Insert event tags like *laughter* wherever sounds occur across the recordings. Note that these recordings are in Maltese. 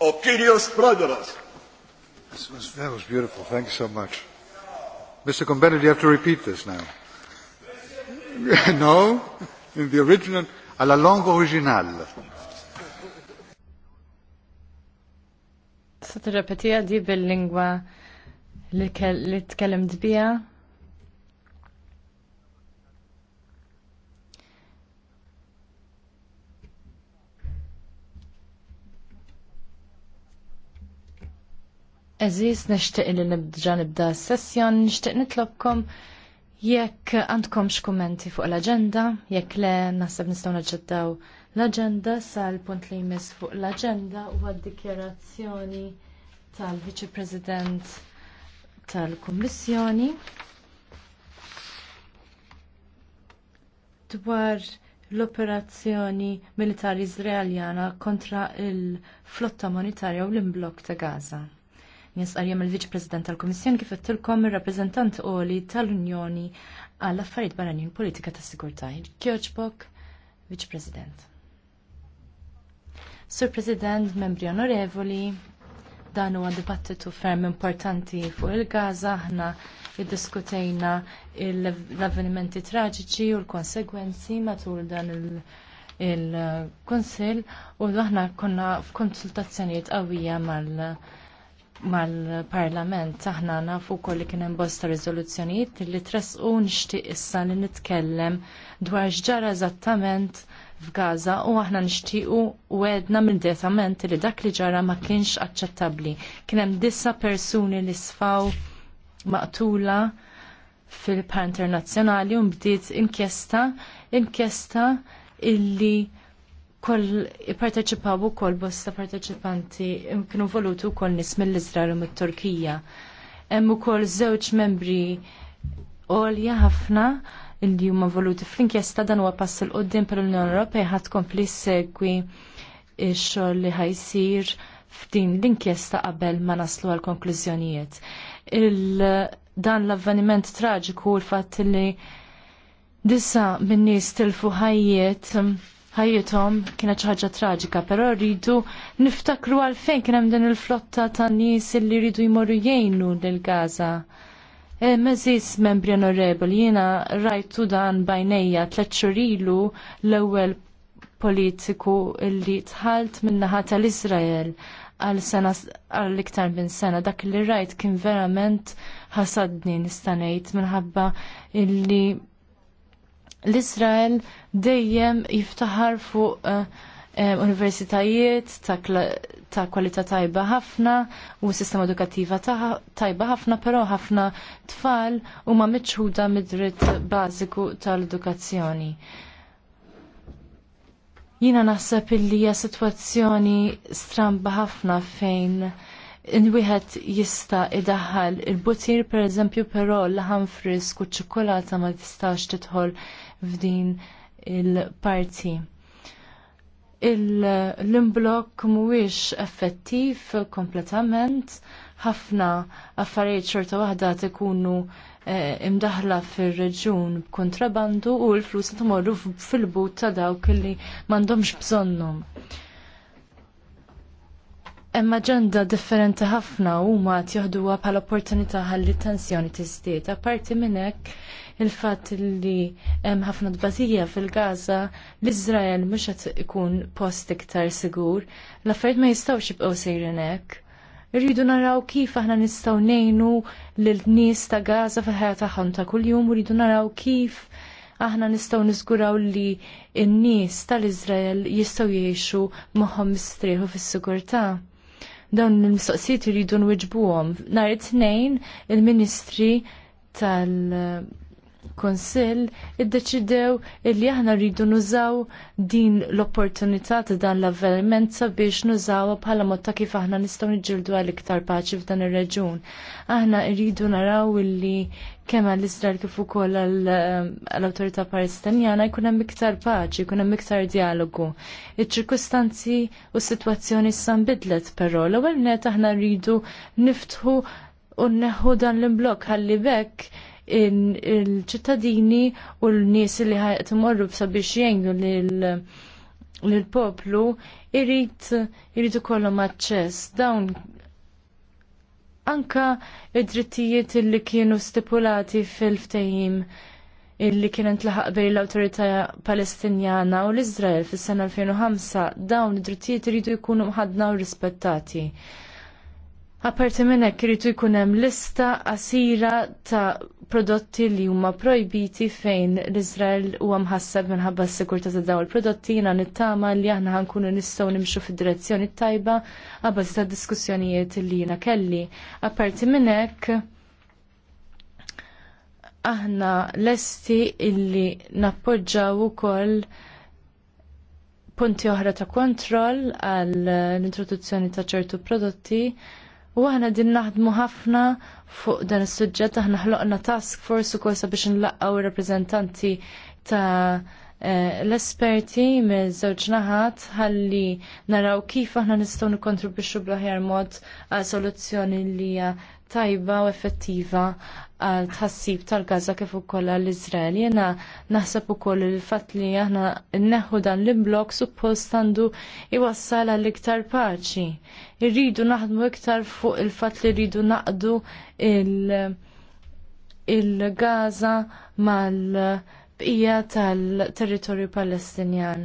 O Kyrios Prodoros. This was, that was beautiful. Thank you so much. Mr. do you have to repeat this now. *laughs* no, in the original, alla longa original. Sa t di bil lingua li tkellem dbija Eżis, nishtiq li nibdġa nibda s-sessjon, nishtiq nitlobkom jekk għandkom x-kommenti fuq l-agenda, jekk le nasab nistaw naġġettaw l-agenda sal-punt li jmiss fuq l-agenda u għad-dikjerazzjoni tal-Viċi President tal-Kommissjoni dwar l-operazzjoni militari Izraeljana kontra il-flotta monetarja u l-imblok ta' Gaza. Nies Arjem il-Viċ President tal-Kummissjoni kif ittilkom ir-rappreżentant Oli tal-Unjoni għall affarijiet barranin politika tas sigurtà. Kjoġbok, Viċ President. Sur President, membri onorevoli, dan huwa dibattitu ferm importanti fuq il-Gaza, aħna iddiskutejna l-avvenimenti traġiċi u l-konsegwenzi matul dan il- il-Konsil u l-ħna konna f'konsultazzjonijiet qawwija mal- mal-parlament aħna nafu wkoll li kien hemm bosta riżoluzzjonijiet li tresqu nixtieq issa li nitkellem dwar x'ġara eżattament f'Gaza u aħna nixtiequ wedna immediatament li dak li ġara ma kienx aċċettabbli. Kien hemm disa persuni li sfaw maqtula fil-par internazzjonali u bdiet inkjesta inkjesta illi koll parteċipaw ukoll bosta parteċipanti kienu voluti wkoll nies mill-Iżrael u mit-Turkija. Hemm ukoll żewġ membri għolja ħafna li huma voluti fl-inkjesta dan huwa pass il qoddim per l-Unjoni Ewropea ħadd tkompli segwi x-xogħol li ħajsir f'din l-inkjesta qabel ma naslu għal konklużjonijiet. dan l-avveniment traġiku u l-fatt li disa minn nies tilfu ħajjiet ħajjithom kienet xi ħaġa traġika, però rridu niftakru għalfejn kien hemm din il-flotta ta' nies li rridu jmorru jgħinu lil Gaza. Meżis membri onorevoli, jiena rajtu dan bajnejja tliet ilu l-ewwel politiku li tħalt min-naħa tal-Iżrael għal sena għal iktar minn sena dak li rajt kien verament ħasadni nista' ngħid minħabba illi l israel dejjem jiftaħar fuq eh, eh, universitajiet ta' kwalità tajba ħafna u sistema edukattiva tajba ħafna, però ħafna tfal huma miċħuda mid-dritt bażiku tal-edukazzjoni. Jina naħseb illi hija sitwazzjoni stramba ħafna fejn Inwieħed jista' idaħħal il-butir pereżempju però l-ħanfrisk u ċ-ċokolata ma tistax tidħol f'din il-parti. L-imblok mhuwiex effettiv kompletament, ħafna affarijiet xorta waħda tikunu eh, imdaħla fil-reġun kontrabandu u l-flus tmorru fil-but ta' dawk li mandomx bżonnum. Hemm aġenda differenti ħafna huma tieħduha bħala opportunità ħalli tensjoni tiżdied. Apparti minn hekk il-fatt li hemm ħafna dbażija fil-Gaza l izrael mhux qed ikun post iktar sigur, l-affarijiet ma jistgħux jibqgħu sejrin hekk. naraw kif aħna nistgħu ngħinu l nies ta' Gaza fil-ħajja tagħhom ta' kuljum rridu naraw kif aħna nistgħu nisguraw li n-nies tal-Iżrael jistgħu jgħixu moħħom mistrieħu fis-sigurtà dawn il-mistoqsijiet iridu nwiġbuhom. Nhar it-tnejn il-Ministri tal- konsil iddeċidew illi aħna rridu nużaw din l-opportunità ta' dan l-avveniment sabiex nużawha bħala mod ta' kif aħna nistgħu niġġieldu għal iktar paċi f'dan ir-reġun. Aħna rridu naraw illi kemm għall iżrael kif ukoll ehm, għall-awtorità palestinjana jkun hemm iktar paċi, jkun hemm iktar dialogu. Iċ-ċirkustanzi u s-sitwazzjoni issa nbidlet però l-ewwel net aħna rridu niftħu u neħu dan l-imblok ħalli bekk il-ċittadini u l-nies li ħajqet imorru sabiex jgħinu lil l-poplu irrit irrit ikollhom aċċess dawn anka id-drittijiet li kienu stipulati fil-ftehim illi kien tlaħaq bejn l-Awtorità Palestinjana u l-Iżrael fis-sena 2005 dawn id-drittijiet iridu jkunu mħadna u rispettati. Aparti minn hekk irid jkun hemm lista qasira ta' prodotti li huma projbiti fejn l-Iżrael huwa mħassab minħabba s-sigurtà ta' dawn il-prodotti jiena nittama li aħna ħankunu nistgħu nimxu fid-direzzjoni tajba għabbażi ta' diskussjonijiet li jiena kelli. Apparti minn hekk aħna lesti illi nappoġġaw ukoll punti oħra ta' kontroll għall introduzzjoni ta' ċertu prodotti U aħna din naħdmu ħafna fuq dan is-suġġett aħna ħloqna task force ukoll sabiex nlaqgħu rappreżentanti ta' eh, l-esperti me' żewġ naħat ħalli naraw kif aħna nistgħu nikkontribwixxu bl-aħjar mod għal soluzzjoni li hija tajba u effettiva għal tħassib tal-Gaza kif ukoll għall iżrael Jena naħseb ukoll il-fatt li aħna neħu dan l-imblok suppost għandu iwassal għal iktar paċi. Irridu naħdmu iktar fuq il-fatt li rridu naqdu il-Gaza mal-bqija tal-territorju palestinjan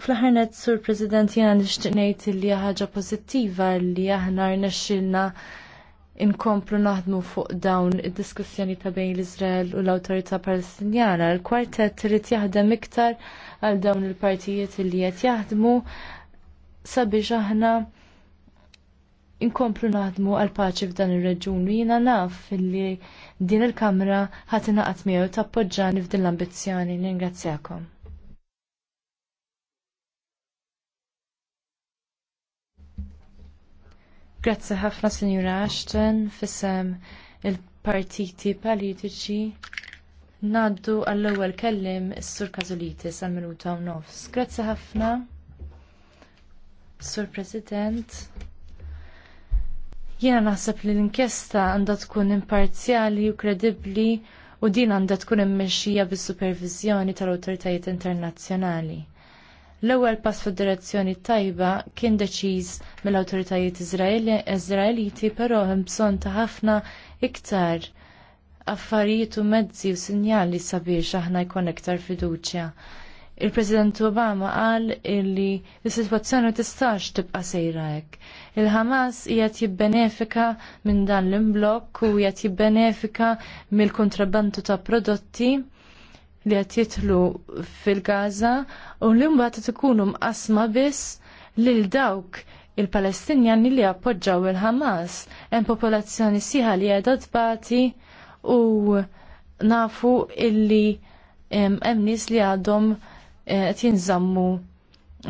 Fl-ħarnet, Sur President, jena nishtiqnejt li ħaġa pozittiva li aħna rnexxilna inkomplu naħdmu fuq dawn id-diskussjoni ta' bejn l-Izrael u l-Awtorità Palestinjana. l kwartet trid jaħdem iktar għal dawn il-partijiet li qed jaħdmu sabiex aħna inkomplu naħdmu għal paċi f'dan ir-reġun u jiena naf li din il-Kamra ħatinaqat miegħu tappoġġani f'din l-ambizzjoni. Ningrazzjakom. Grazzi ħafna Sinjura Ashton fissem il-partiti politiċi Ngħaddu għall-ewwel kellim is-Sur Kazulitis għal minuta u nofs. Grazzi ħafna. Sur President. Jiena naħseb li l-inkjesta għandha tkun imparzjali u kredibbli u din għandha tkun immexxija bis-supervizjoni tal-awtoritajiet internazzjonali. L-ewwel pass fid-direzzjoni tajba kien deċiż mill-awtoritajiet Iżraeliti, però hemm bżonn ta' ħafna iktar affarijiet u mezzi u sinjali sabiex aħna jkun iktar fiduċja. Il-President Obama qal illi l-sitwazzjoni tistax tibqa' sejra hekk. Il-Ħamas qiegħed jibbenefika minn dan l-imblokk u qiegħed jibbenefika mill-kontrabbandu ta' prodotti li qed jitlu fil-Gaza u li mbagħad qed ikunu mqasma biss lil dawk il-Palestinjani li appoġġaw il-Ħamas. Hemm popolazzjoni sieħa li qiegħda tbati u nafu illi hemm nies li għadhom eh, qed jinżammu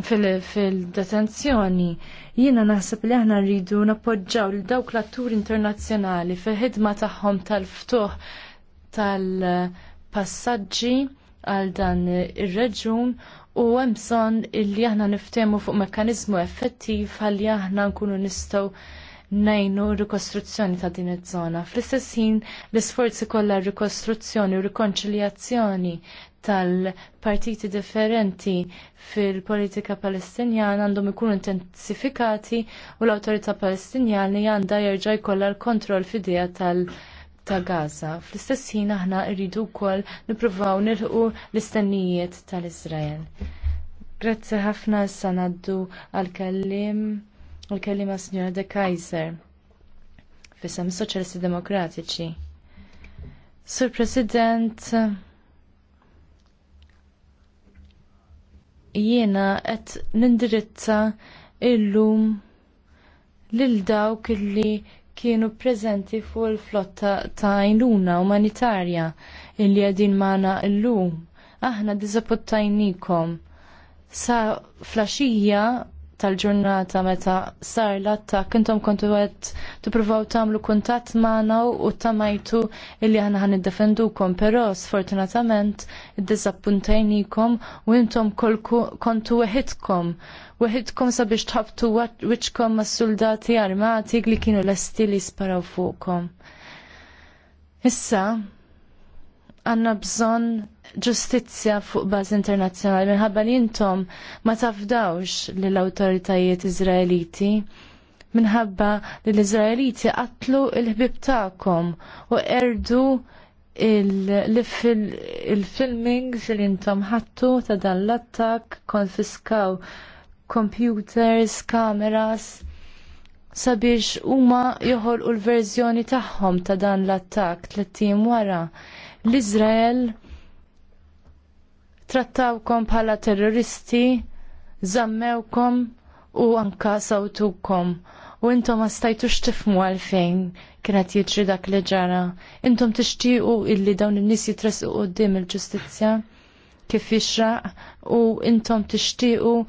fil-detenzjoni. Jiena naħseb li aħna rridu nappoġġaw lil dawk l-atturi internazzjonali fil-ħidma tagħhom tal-ftuħ tal-, -ftuħ, tal passaġġi għal dan ir-reġun u hemm bżonn illi aħna niftehmu fuq mekkaniżmu effettiv ħalli aħna nkunu nistgħu nejnu rikostruzzjoni ta' din iż-żona. Fl-istess ħin l-isforzi kollha rikostruzzjoni u rikonċiljazzjoni tal-partiti differenti fil-politika palestinjana għandhom ikunu intensifikati u l-autorità palestinjani għandha jerġa' jkollha l-kontroll fidija tal- ta' Gaza. Fl-istess ħin aħna rridu wkoll nippruvaw nilħu l-istennijiet tal israel Grazzi ħafna issa ngħaddu għall-kellim għall-kellima Sinjora De Kaiser f'isem Soċjalisti Demokratiċi. Sur President, jiena qed nindirizza illum lil dawk illi kienu preżenti fuq il-flotta ta' għajnuna umanitarja illi għadin maħna l-lum. Aħna dizapottajnikom. Sa flasġija tal-ġurnata meta sar l-attak intom kontu għed tippruvaw tagħmlu kuntatt magħna u tamajtu illi aħna ħan id-defendukom, però sfortunatament iddizappuntajnikom u intom kontu weħidkom weħidkom sabiex tħabtu wiċkom ma' soldati armati li kienu lesti li sparaw fuqkom. Issa, għanna bżon ġustizzja fuq baż internazzjonali minħabba li intom ma tafdawx li l-autoritajiet Izraeliti minħabba li l-Izraeliti qatlu il-ħbib tagħkom u erdu il-filming il intom ħattu ta' dan l-attak konfiskaw computers, kameras sabiex huma joħolqu l-verżjoni tagħhom ta' dan l-attakk tlettim wara. L-Iżrael trattawkom bħala terroristi, zammewkom u anka sawtukom. U intom ma stajtux tifmu għalfejn kienet jiġri dak li ġara. Intom tixtiequ illi dawn in-nies jitresqu qudiem il-ġustizzja kif jixraq u intom tixtiequ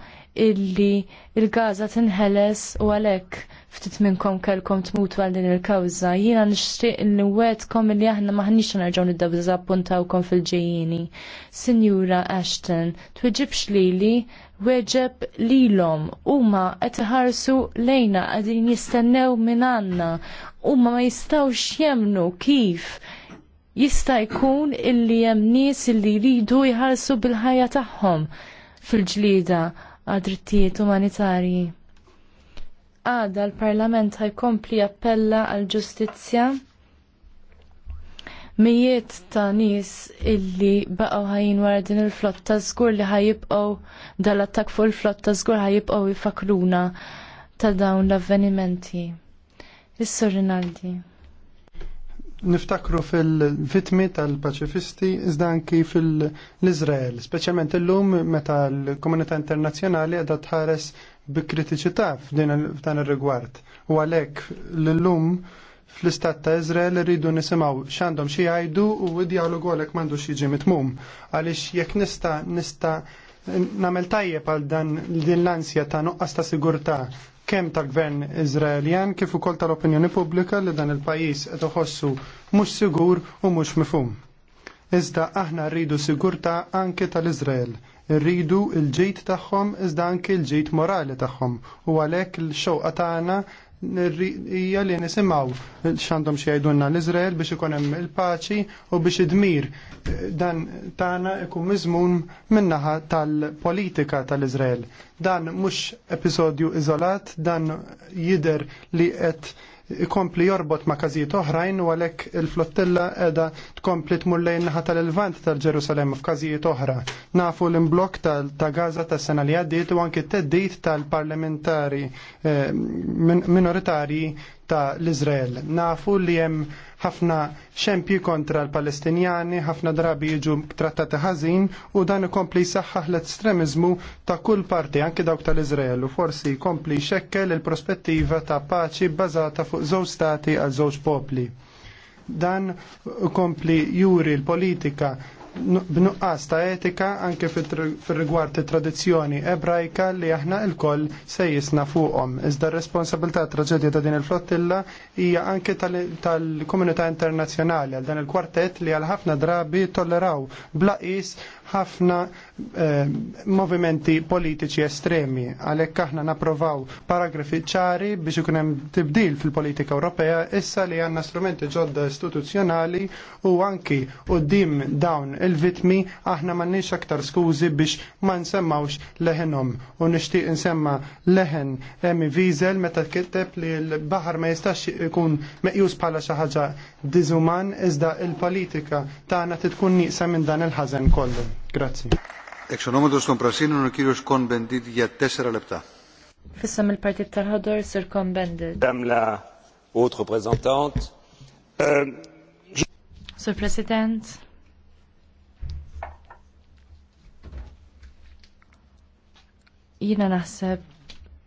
illi il-Gaza tinħeles u għalek ftit minnkom kelkom tmutu għal din il-kawza. Jina nishtiq li wetkom illi aħna maħniex nerġgħu niddabża appuntawkom fil-ġejjini. Sinjura Ashton, tweġibx lili weġeb lilhom huma qed iħarsu lejna għadin jistennew minn għandna. Uma ma jistgħux jemnu kif jista' jkun illi hemm nies illi jridu jħarsu bil-ħajja tagħhom fil-ġlida għad-drittijiet umanitarji. Għada l-Parlament ħajkompli appella għal-ġustizzja mijiet ta' nies illi baqgħu ħajin wara din il-flotta żgur li ħajibqgħu dal-attak fuq il-flotta żgur ħajibqgħu jifakruna ta' dawn l-avvenimenti. Is-Sur Rinaldi niftakru fil-vitmi tal-paċifisti iżda anki fil-Izrael, speċjalment illum meta l-komunità internazzjonali qiegħda tħares bi kritiċità f'dan ir-rigward. U għalhekk l-lum fl-istat ta' Izrael rridu nisimgħu x'għandhom xi jgħidu u d-dialogu għalhekk m'għandux jiġi mitmum. Għaliex jekk nista' nista' namel tajjeb għal dan din l-ansja ta' nuqqas ta' sigurtà kemm tal-gvern Izraeljan kif ukoll tal-opinjoni pubblika li dan il-pajjiż qed iħossu mhux sigur u mhux mifhum. Iżda aħna rridu sigurtà anke tal-Iżrael. Rridu l ġejt tagħhom iżda anke l-ġejt morali tagħhom u għalhekk il-xewqa tagħna hija li nisimgħu x'għandhom xi jgħidulna l-Iżrael biex ikun hemm il-paċi u biex id-dmir eh, dan tagħna ikun miżmun min-naħa tal-politika tal-Iżrael. Dan mhux episodju iżolat, dan jidher li qed ikompli jorbot ma' każijiet oħrajn u għalhekk il-flottilla qiegħda tkompli tmur lejn naħa tal-Levant tal-Ġerusalem f'każijiet oħra. Nafu l-imblok ta' Gaza tas sena li għaddiet u anki t-teddit tal-parlamentari eh, minoritarji ta' l-Izrael. Nafu li hemm ħafna xempji kontra l-Palestinjani, ħafna drabi jiġu trattati ħażin u dan ikompli jsaħħaħ l-estremizmu ta' kull parti, anke dawk tal-Izrael, u forsi jkompli xekkel il-prospettiva ta' paċi bbażata fuq żewġ stati għal żewġ popli. Dan kompli juri l-politika b'nuqqas ta' etika anke fil-rigward it-tradizzjoni ebrajka li aħna lkoll se jisna fuqhom. Iżda r-responsabilità traġedja ta' din il-flottilla hija anke tal-komunità internazzjonali għal dan il-kwartett li għal ħafna drabi tolleraw blaqis ħafna Ehm, movimenti politiċi estremi, għalhekk aħna napprovaw paragrafi ċari biex ikun hemm tibdil fil-politika Ewropea issa li għandna strumenti ġodda istituzzjonali u anki quddiem dawn il-vitmi aħna nix aktar skużi biex ma nsemmawx leħenom u nixtieq insemma leħen Emi vizel meta kiteb li l-baħar ma jistax ikun meqjus bħala xi ħaġa diżuman iżda il-politika tagħna titkun nieqsa minn dan il-ħażen kollu. Grazzi. Εξ ονόματος των Πρασίνων ο κύριος Κον Μπεντίτ για τέσσερα Fissam il-partit tal-ħodor Sir Κον Bendit. Madame la haute représentante. Euh, Sir President. Jina naħseb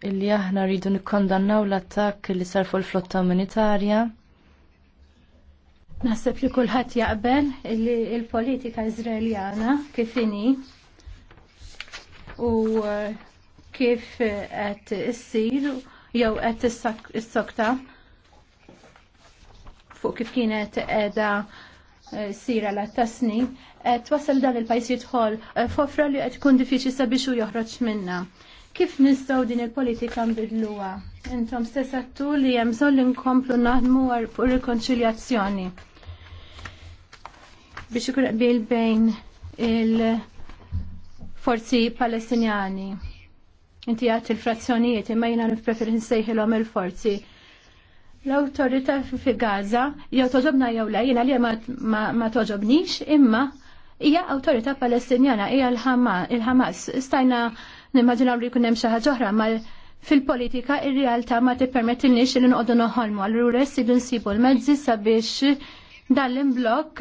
illi aħna rridu nikkondannaw l-attakk li sar fuq il-flotta umanitarja Naħseb li kulħadd jaqbel li l-politika Iżraeljana kif inhi u uh, kif uh, qed issir jew qed is-sokta fuq kif kienet qiegħda uh, sira l tasni qed wasal dan il-pajjiż jidħol fofra li qed tkun diffiċli sabiex u joħroġ minnha. Kif nistgħu din il-politika nbidluha? Intom stess għattu li hemm bżonn inkomplu naħdmu fuq rikonċiljazzjoni biex ikun qbil bejn il-forzi palestinjani. Inti għat il-frazzjonijiet imma jina nifprefer nsejħilhom il-forzi. l autorita fi Gaza jew toġobna jew la jina li ma toġobnix imma hija autorita palestinjana hija il ħamas Stajna nimmaġinaw li jkun hemm xi ħaġa oħra fil-politika ir-realtà ma tippermettilniex li nqogħdu noħolmu għal rures idu nsibu l-mezzi sabiex dan l-imblok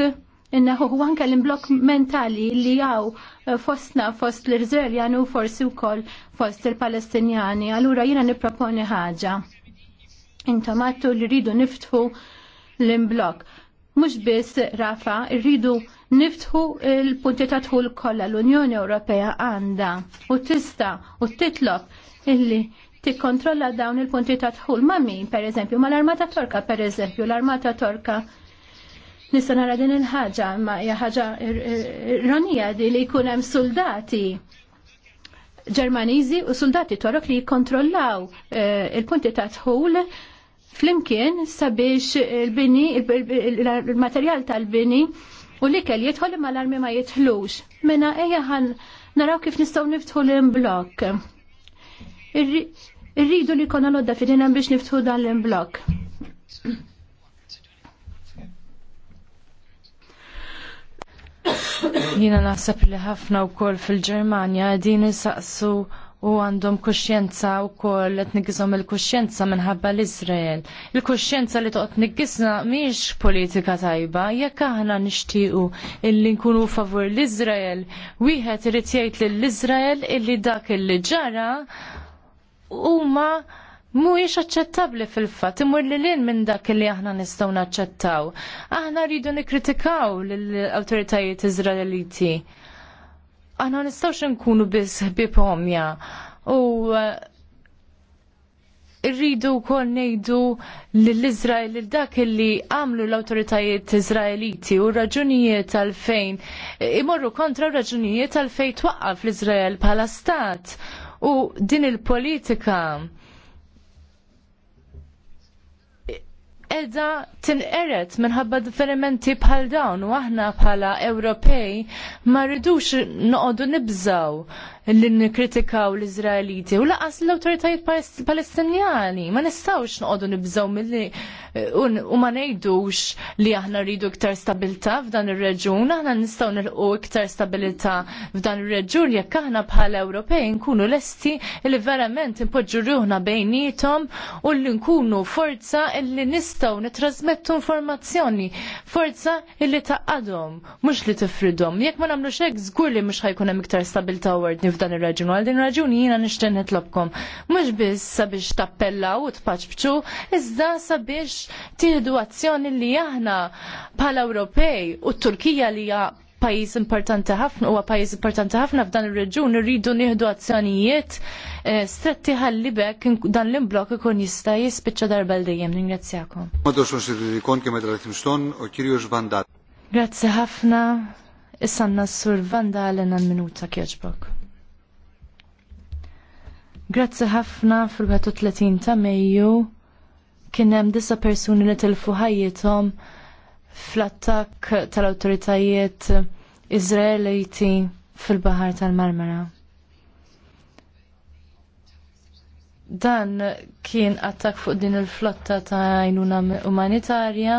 innaħu u anke l-imblok mentali li għaw eh, fostna fost l-Izraeljan u forsi wkoll fost il-Palestinjani. Allura jiena nipproponi ħaġa. Intom għattu li rridu niftħu l-imblok. Mhux biss Rafa, rridu niftħu il-punti ta' tħul kollha l-Unjoni Ewropea għandha u tista' u titlob illi tikkontrolla dawn il-punti ta' tħul ma' min, pereżempju, mal armata Torka, pereżempju, l-Armata Torka Nista' nara din il-ħaġa, ma hija ħaġa ironija di li jkun hemm soldati Ġermaniżi u soldati torok li jikkontrollaw eh, il-punti ta' tħul flimkien sabiex il-bini, il-materjal tal-bini u li kell jidħol imma l-armi ma jidħlux. Mena eja ħan naraw kif nistaw niftħu l-imblok. Irridu li konna lodda fidina biex niftħu dan l-imblok. Jina naħseb li ħafna wkoll fil-Ġermanja din isaqsu u għandhom kuxjenza u li qed nigizhom il-kuxjenza minħabba l-Izrael. Il-kuxjenza li toqgħod niggisna miex politika tajba, jekk aħna nixtiequ illi nkunu favur l-Izrael, wieħed irid jgħid lill-Izrael illi dak illi ġara huma mhuwiex aċċettabbli fil-fatt imur li lin minn dak li aħna nistgħu naċċettaw. Aħna rridu nikkritikaw lill-awtoritajiet Iżraeliti. Aħna nistgħux inkunu biss ħbieb omja u uh, rridu wkoll ngħidu lill-Iżrael lil dak li għamlu l-awtoritajiet Iżraeliti u raġunijiet għalfejn imorru kontra raġunijiet għalfejn twaqqaf l-Iżrael bħala stat u din il-politika edha tinqeret minħabba differimenti bħal dawn u aħna bħala Ewropej ma rridux noqogħdu nibżaw li nkritikaw l-Izraeliti u laqas l-autoritajiet palestinjani. Ma nistawx noqogħdu nibżgħu milli eh, u ma ngħidux li aħna rridu iktar stabilità f'dan ir-reġun, aħna nistgħu nilqu iktar stabilità f'dan ir-reġun jekk aħna bħala Ewropej nkunu lesti li verament impoġġu ruħna bejnietom u li nkunu forza illi nistgħu nitrasmettu informazzjoni, forza illi taqadhom, mhux li tifridhom. Jekk ma nagħmlux hekk żgur li mhux ħajkun hemm iktar stabilta u ordni f'dan ir-raġun. Għal din raġuni jiena nixtieq nitlobkom mhux biss sabiex tappellaw u tpaċbċu, iżda sabiex tieħdu azzjoni li aħna bħala Ewropej u t-Turkija li hija pajjiż importanti ħafna huwa pajjiż importanti ħafna f'dan ir-reġun irridu nieħdu azzjonijiet eh, stretti ħallibek dan l-imblok ikun jista' jispiċċa darba l dejjem ningrazzjakom. Grazzi ħafna. Issa s-sur Vanda l-enan minuta kieġbok. Grazzi ħafna fil-31 ta' Mejju kien hemm disa persuni li tilfu ħajjithom fl-attakk tal-awtoritajiet Iżraeliti fil-Baħar tal-Marmara. Dan kien attakk fuq din il-flotta ta' għajnuna umanitarja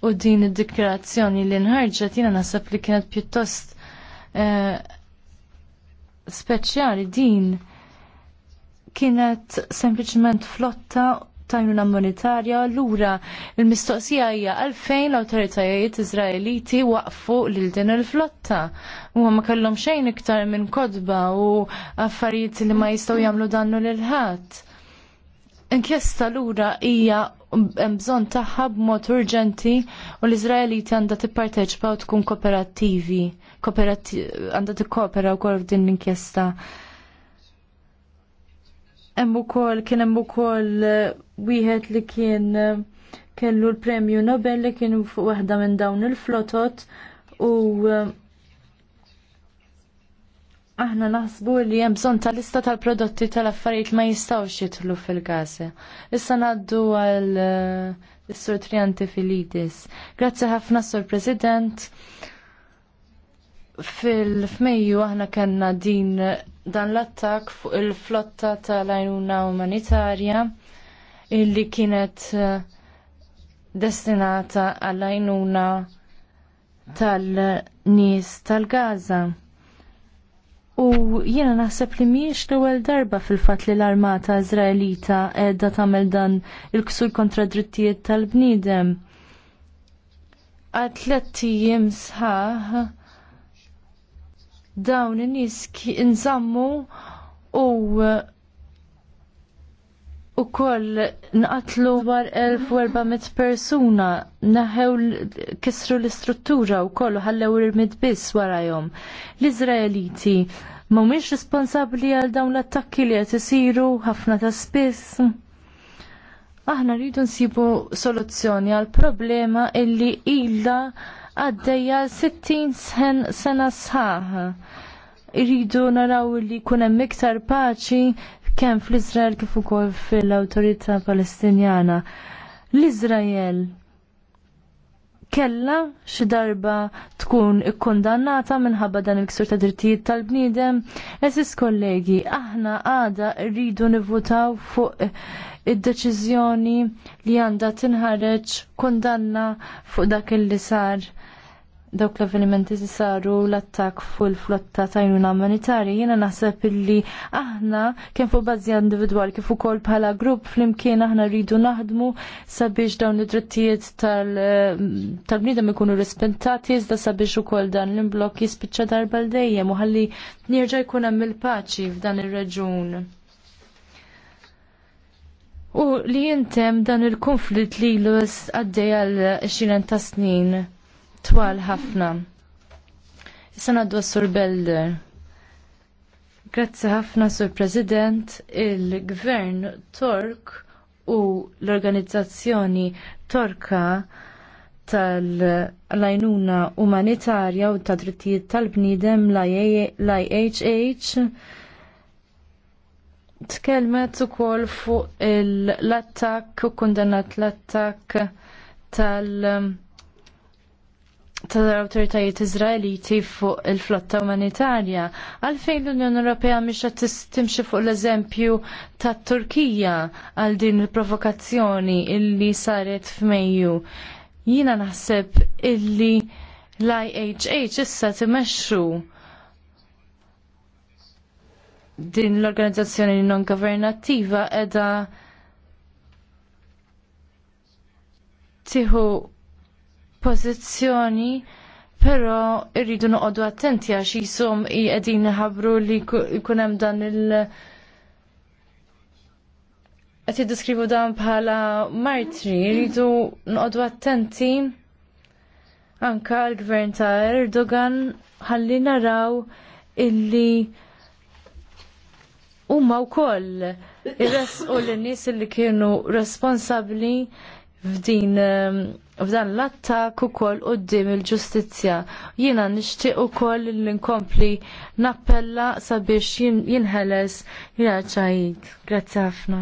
u din id-dikrazzjoni li nħarġet jiena naħseb li kienet pjuttost eh, speċjali din kienet sempliċement flotta tajnuna monetarja l-ura. il-mistoqsija hija għalfejn l-autoritajiet Izraeliti waqfu lil din il-flotta. U ma kellhom xejn iktar minn kodba u affarijiet li ma jistgħu jagħmlu dannu lil ħadd. Inkjesta lura hija bżonn tagħha b'mod urġenti u l-Iżraeliti għandha tipparteċipa u tkun kooperattivi, għandha tikkopera wkoll f'din l-inkjesta hemm ukoll kien hemm ukoll eh, wieħed li kien eh, kellu l-Premju Nobel li kien fuq waħda minn dawn il-flotot u eh, aħna naħsbu li hemm bżonn tal-lista tal-prodotti tal-affarijiet ma jistgħux jidħlu fil-gase. Issa ngħaddu għal Sur Trianti Filidis. Grazzi ħafna Sur President fil-fmejju aħna kanna din dan l-attak fuq il-flotta tal-għajnuna umanitarja illi kienet eh, destinata għall ajnuna tal-nies tal-Gaza. U jiena naħseb li miex l-ewwel darba fil-fatt li l-armata Izraelita qiegħda tagħmel dan il-ksur kontra drittijiet tal-bniedem. Għat tliet sħaħ dawn in-nies inżammu u uh, u koll naqatlu war 1400 persuna naħew kisru l-istruttura u koll ħallew irmid biss warajom. L-Izraeliti mumiex responsabli għal dawn l-attakki li qed isiru ħafna ta' spiss. Aħna rridu nsibu soluzzjoni għal problema illi illa għaddeja 60 sena sħaħ. Irridu naraw li kunem miktar paċi kemm fl-Izrael kif ukoll fil-Awtorità Palestinjana. L-Izrael kella xi darba tkun ikkondannata minħabba dan il-ksur ta' drittijiet tal-bniedem. Eżis kollegi, aħna għada rridu nivvutaw fuq id-deċiżjoni li għandha tinħareġ kondanna fuq dak li sar dawk l-avvenimenti li saru l-attak fuq il-flotta ta' jnuna humanitarji jiena naħseb illi aħna fu fuq bażi individwali kif ukoll bħala grupp flimkien aħna rridu naħdmu sabiex dawn id-drittijiet tal-bniedem ikunu rispettati iżda sabiex ukoll dan l-imblok jispicċa darba l dejjem u ħalli nirġa' jkun hemm il-paċi f'dan ir-reġun. U li jintem dan il-konflitt li l-għaddej għal 20 ta' snin twal ħafna. Issa għaddu Sur Belder. Grazzi ħafna Sur President, il-Gvern Tork u l-Organizzazzjoni Torka tal-lajnuna umanitarja u ta' drittijiet tal-bnidem l-IHH tkellmet ukoll fuq l-attakk u kundannat l-attakk tal- tal-autoritajiet Izraeliti fuq il-flotta umanitarja. Għalfejn l-Unjoni Ewropea mhix qed timxi fuq l-eżempju tat Turkija għal din il-provokazzjoni illi saret f'Mejju. Jiena naħseb illi l-IHH issa timexxu din l-organizzazzjoni non governattiva edha tiħu pożizzjoni però irridu noqogħdu attenti għax jisom qegħdin ħabru li jkun hemm dan il- qed jiddeskrivu dan bħala martri, jridu noqogħdu attenti anka l-gvern ta' Erdogan ħalli naraw illi huma wkoll irresqu l-nies illi kienu responsabbli f'din ehm, u f'dan l-attak ukoll quddiem il-ġustizzja. Jiena nixtieq ukoll l-inkompli nappella sabiex jinħeles jaċajid. Grazzi ħafna.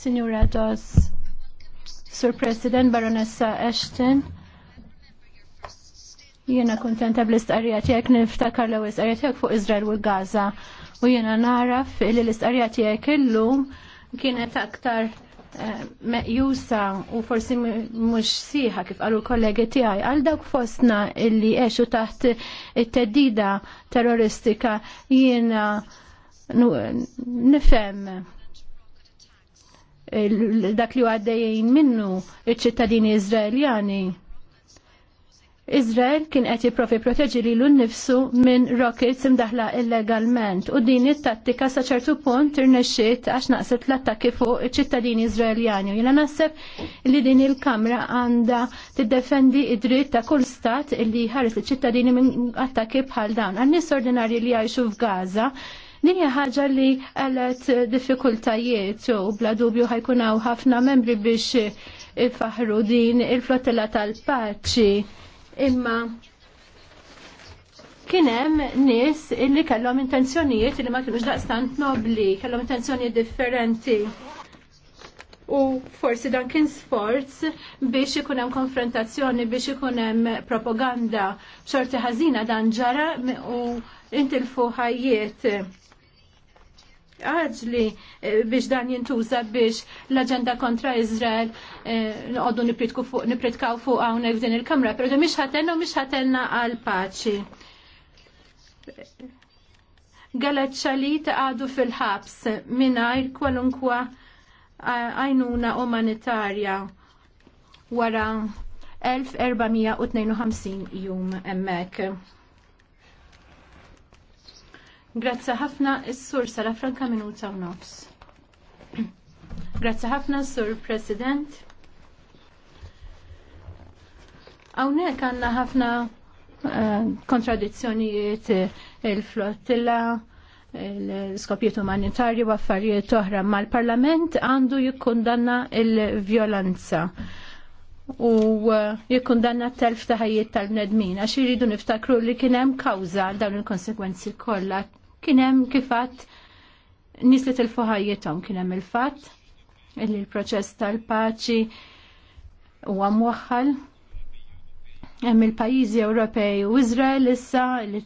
Signora Dos, Sur President Baronessa Ashton, Jiena kontenta bl-istqarrija tiegħek niftakar l-ewwel istqarrija tiegħek fuq Iżrael u Gaza. U jiena naraf li l-istqarrija tiegħek illum kienet aktar meqjusa u forsi mhux siħa kif qalu l-kollegi tiegħi għal dawk fostna illi għexu taħt it-teddida terroristika jiena nifhem dak li għaddejjin minnu iċ-ċittadini Iżraeljani Izrael kien qed jipprovi proteġi lilu nnifsu minn rockets imdaħla illegalment u din it-tattika sa ċertu punt irnexxiet għax naqset l-attakki fuq iċ-ċittadini Izraeljani. Jiena naħseb li din il-Kamra għandha tiddefendi id-dritt ta' kull stat li ħares l-ċittadini minn attakki bħal dawn. Għan-nies ordinarji li jgħixu f'Gaza Din hija ħaġa li għalet diffikultajiet u bla dubju ħajkun ħafna membri biex ifaħru din il flottilla tal-paċi imma kienem nis illi kellhom intenzjonijiet illi ma kienux daqstant nobli, kellhom intenzjonijiet differenti. U forsi dan kien sforz biex ikun hemm konfrontazzjoni, biex ikun hemm propaganda. Xorti ħażina dan ġara u intilfu ħajjiet għaġli eh, biex dan jintuża biex l-agenda kontra Izrael nqoddu eh, nipritkaw fuq hawnhekk din il-Kamra, però da ħatenna u miexħatenna ħatenna għal paċi. Galat xalit għadu fil-ħabs mingħajr kwalunkwa għajnuna umanitarja wara 1452 jum emmek. Grazzi ħafna is-sur Sara franka minuta u nofs. *clears throat* Grazzi ħafna sur President. Hawnhekk għandna ħafna eh, kontradizzjonijiet eh, il-flottilla l iskopijiet umanitarji u affarijiet oħra mal-Parlament għandu jikkundanna il-vjolanza u eh, jikkundanna t telf ta' tal-bnedmin, għax jiridu niftakru li kien hemm kawża dawn il-konsekwenzi kollha kien hemm kifat nislet il tilfu ħajjithom kien hemm il-fatt illi l-proċess tal-paċi huwa mwaħħal hemm il-pajjiżi Ewropej u Izrael issa li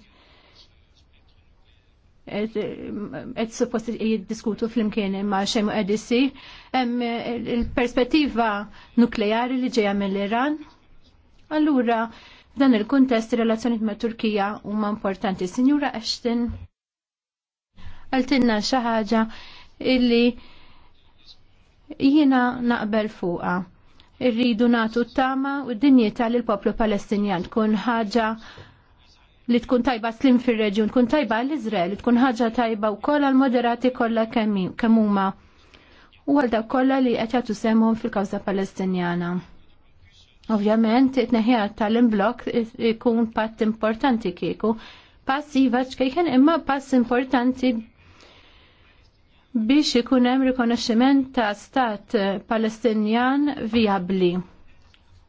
qed suppost jiddiskutu flimkien imma xejn qed isir. Hemm il-perspettiva nukleari li ġejja mill-Iran. Allura f'dan il-kuntest ir-relazzjonijiet ma' Turkija huma importanti. Sinjura Ashton għaltinna xi ħaġa illi jiena naqbel fuqha. Irridu nagħtu t-tama u d li lill poplu Palestinjan tkun ħaġa li tkun tajba slim fir-reġjun, tkun tajba għall iżrael tkun ħaġa tajba wkoll għall-moderati kollha kemm huma u għal dak kollha li qed jagħtu fil-kawża Palestinjana. Ovvjament, it-neħija tal-imblok ikun patt importanti kieku. Pass iva ċkejken imma pass importanti biex ikun hemm rikonoxximent ta' stat Palestinjan viabli.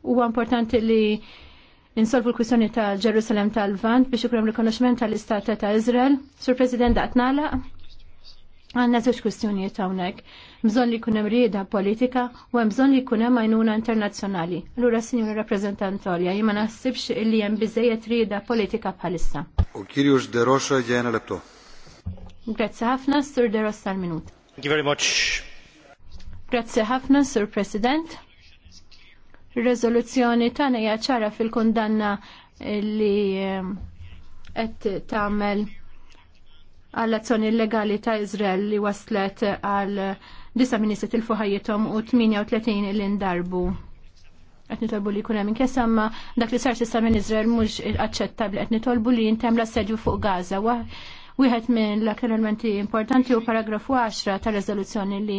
Huwa importanti li insolvu l kwistjoni ta' Ġerusalem tal-Vant biex ikun hemm rikonoxximent tal-Istat ta' Iżrael. Sur President daqt nagħlaq. Għandna żewġ kwistjonijiet hawnhekk. Bżonn li jkun hemm rieda politika u hemm bżonn li jkun hemm għajnuna internazzjonali. Allura Sinjur Rappreżentant Olja, jien ma naħsibx li hemm biżejjed rieda politika bħalissa. U Kirjux Derosha ġejna lebto. Grazzi ħafna, Sur Deros tal-Minut. Thank you very much. Grazzi ħafna, Sur President. Rezoluzzjoni tagħna hija ċara fil-kundanna li ehm, qed tagħmel għall-azzjoni illegali ta' Izrael li waslet għal disa ministri tilfu ħajjithom u 38 li ndarbu. Qed nitolbu li jkun hemm inkjesta imma dak li sar sissa minn Izrael mhux aċċettabbli qed nitolbu li jintemm l-assedju fuq Gaza Wieħed minn l-aktar elementi importanti u paragrafu 10 tal rezoluzzjoni li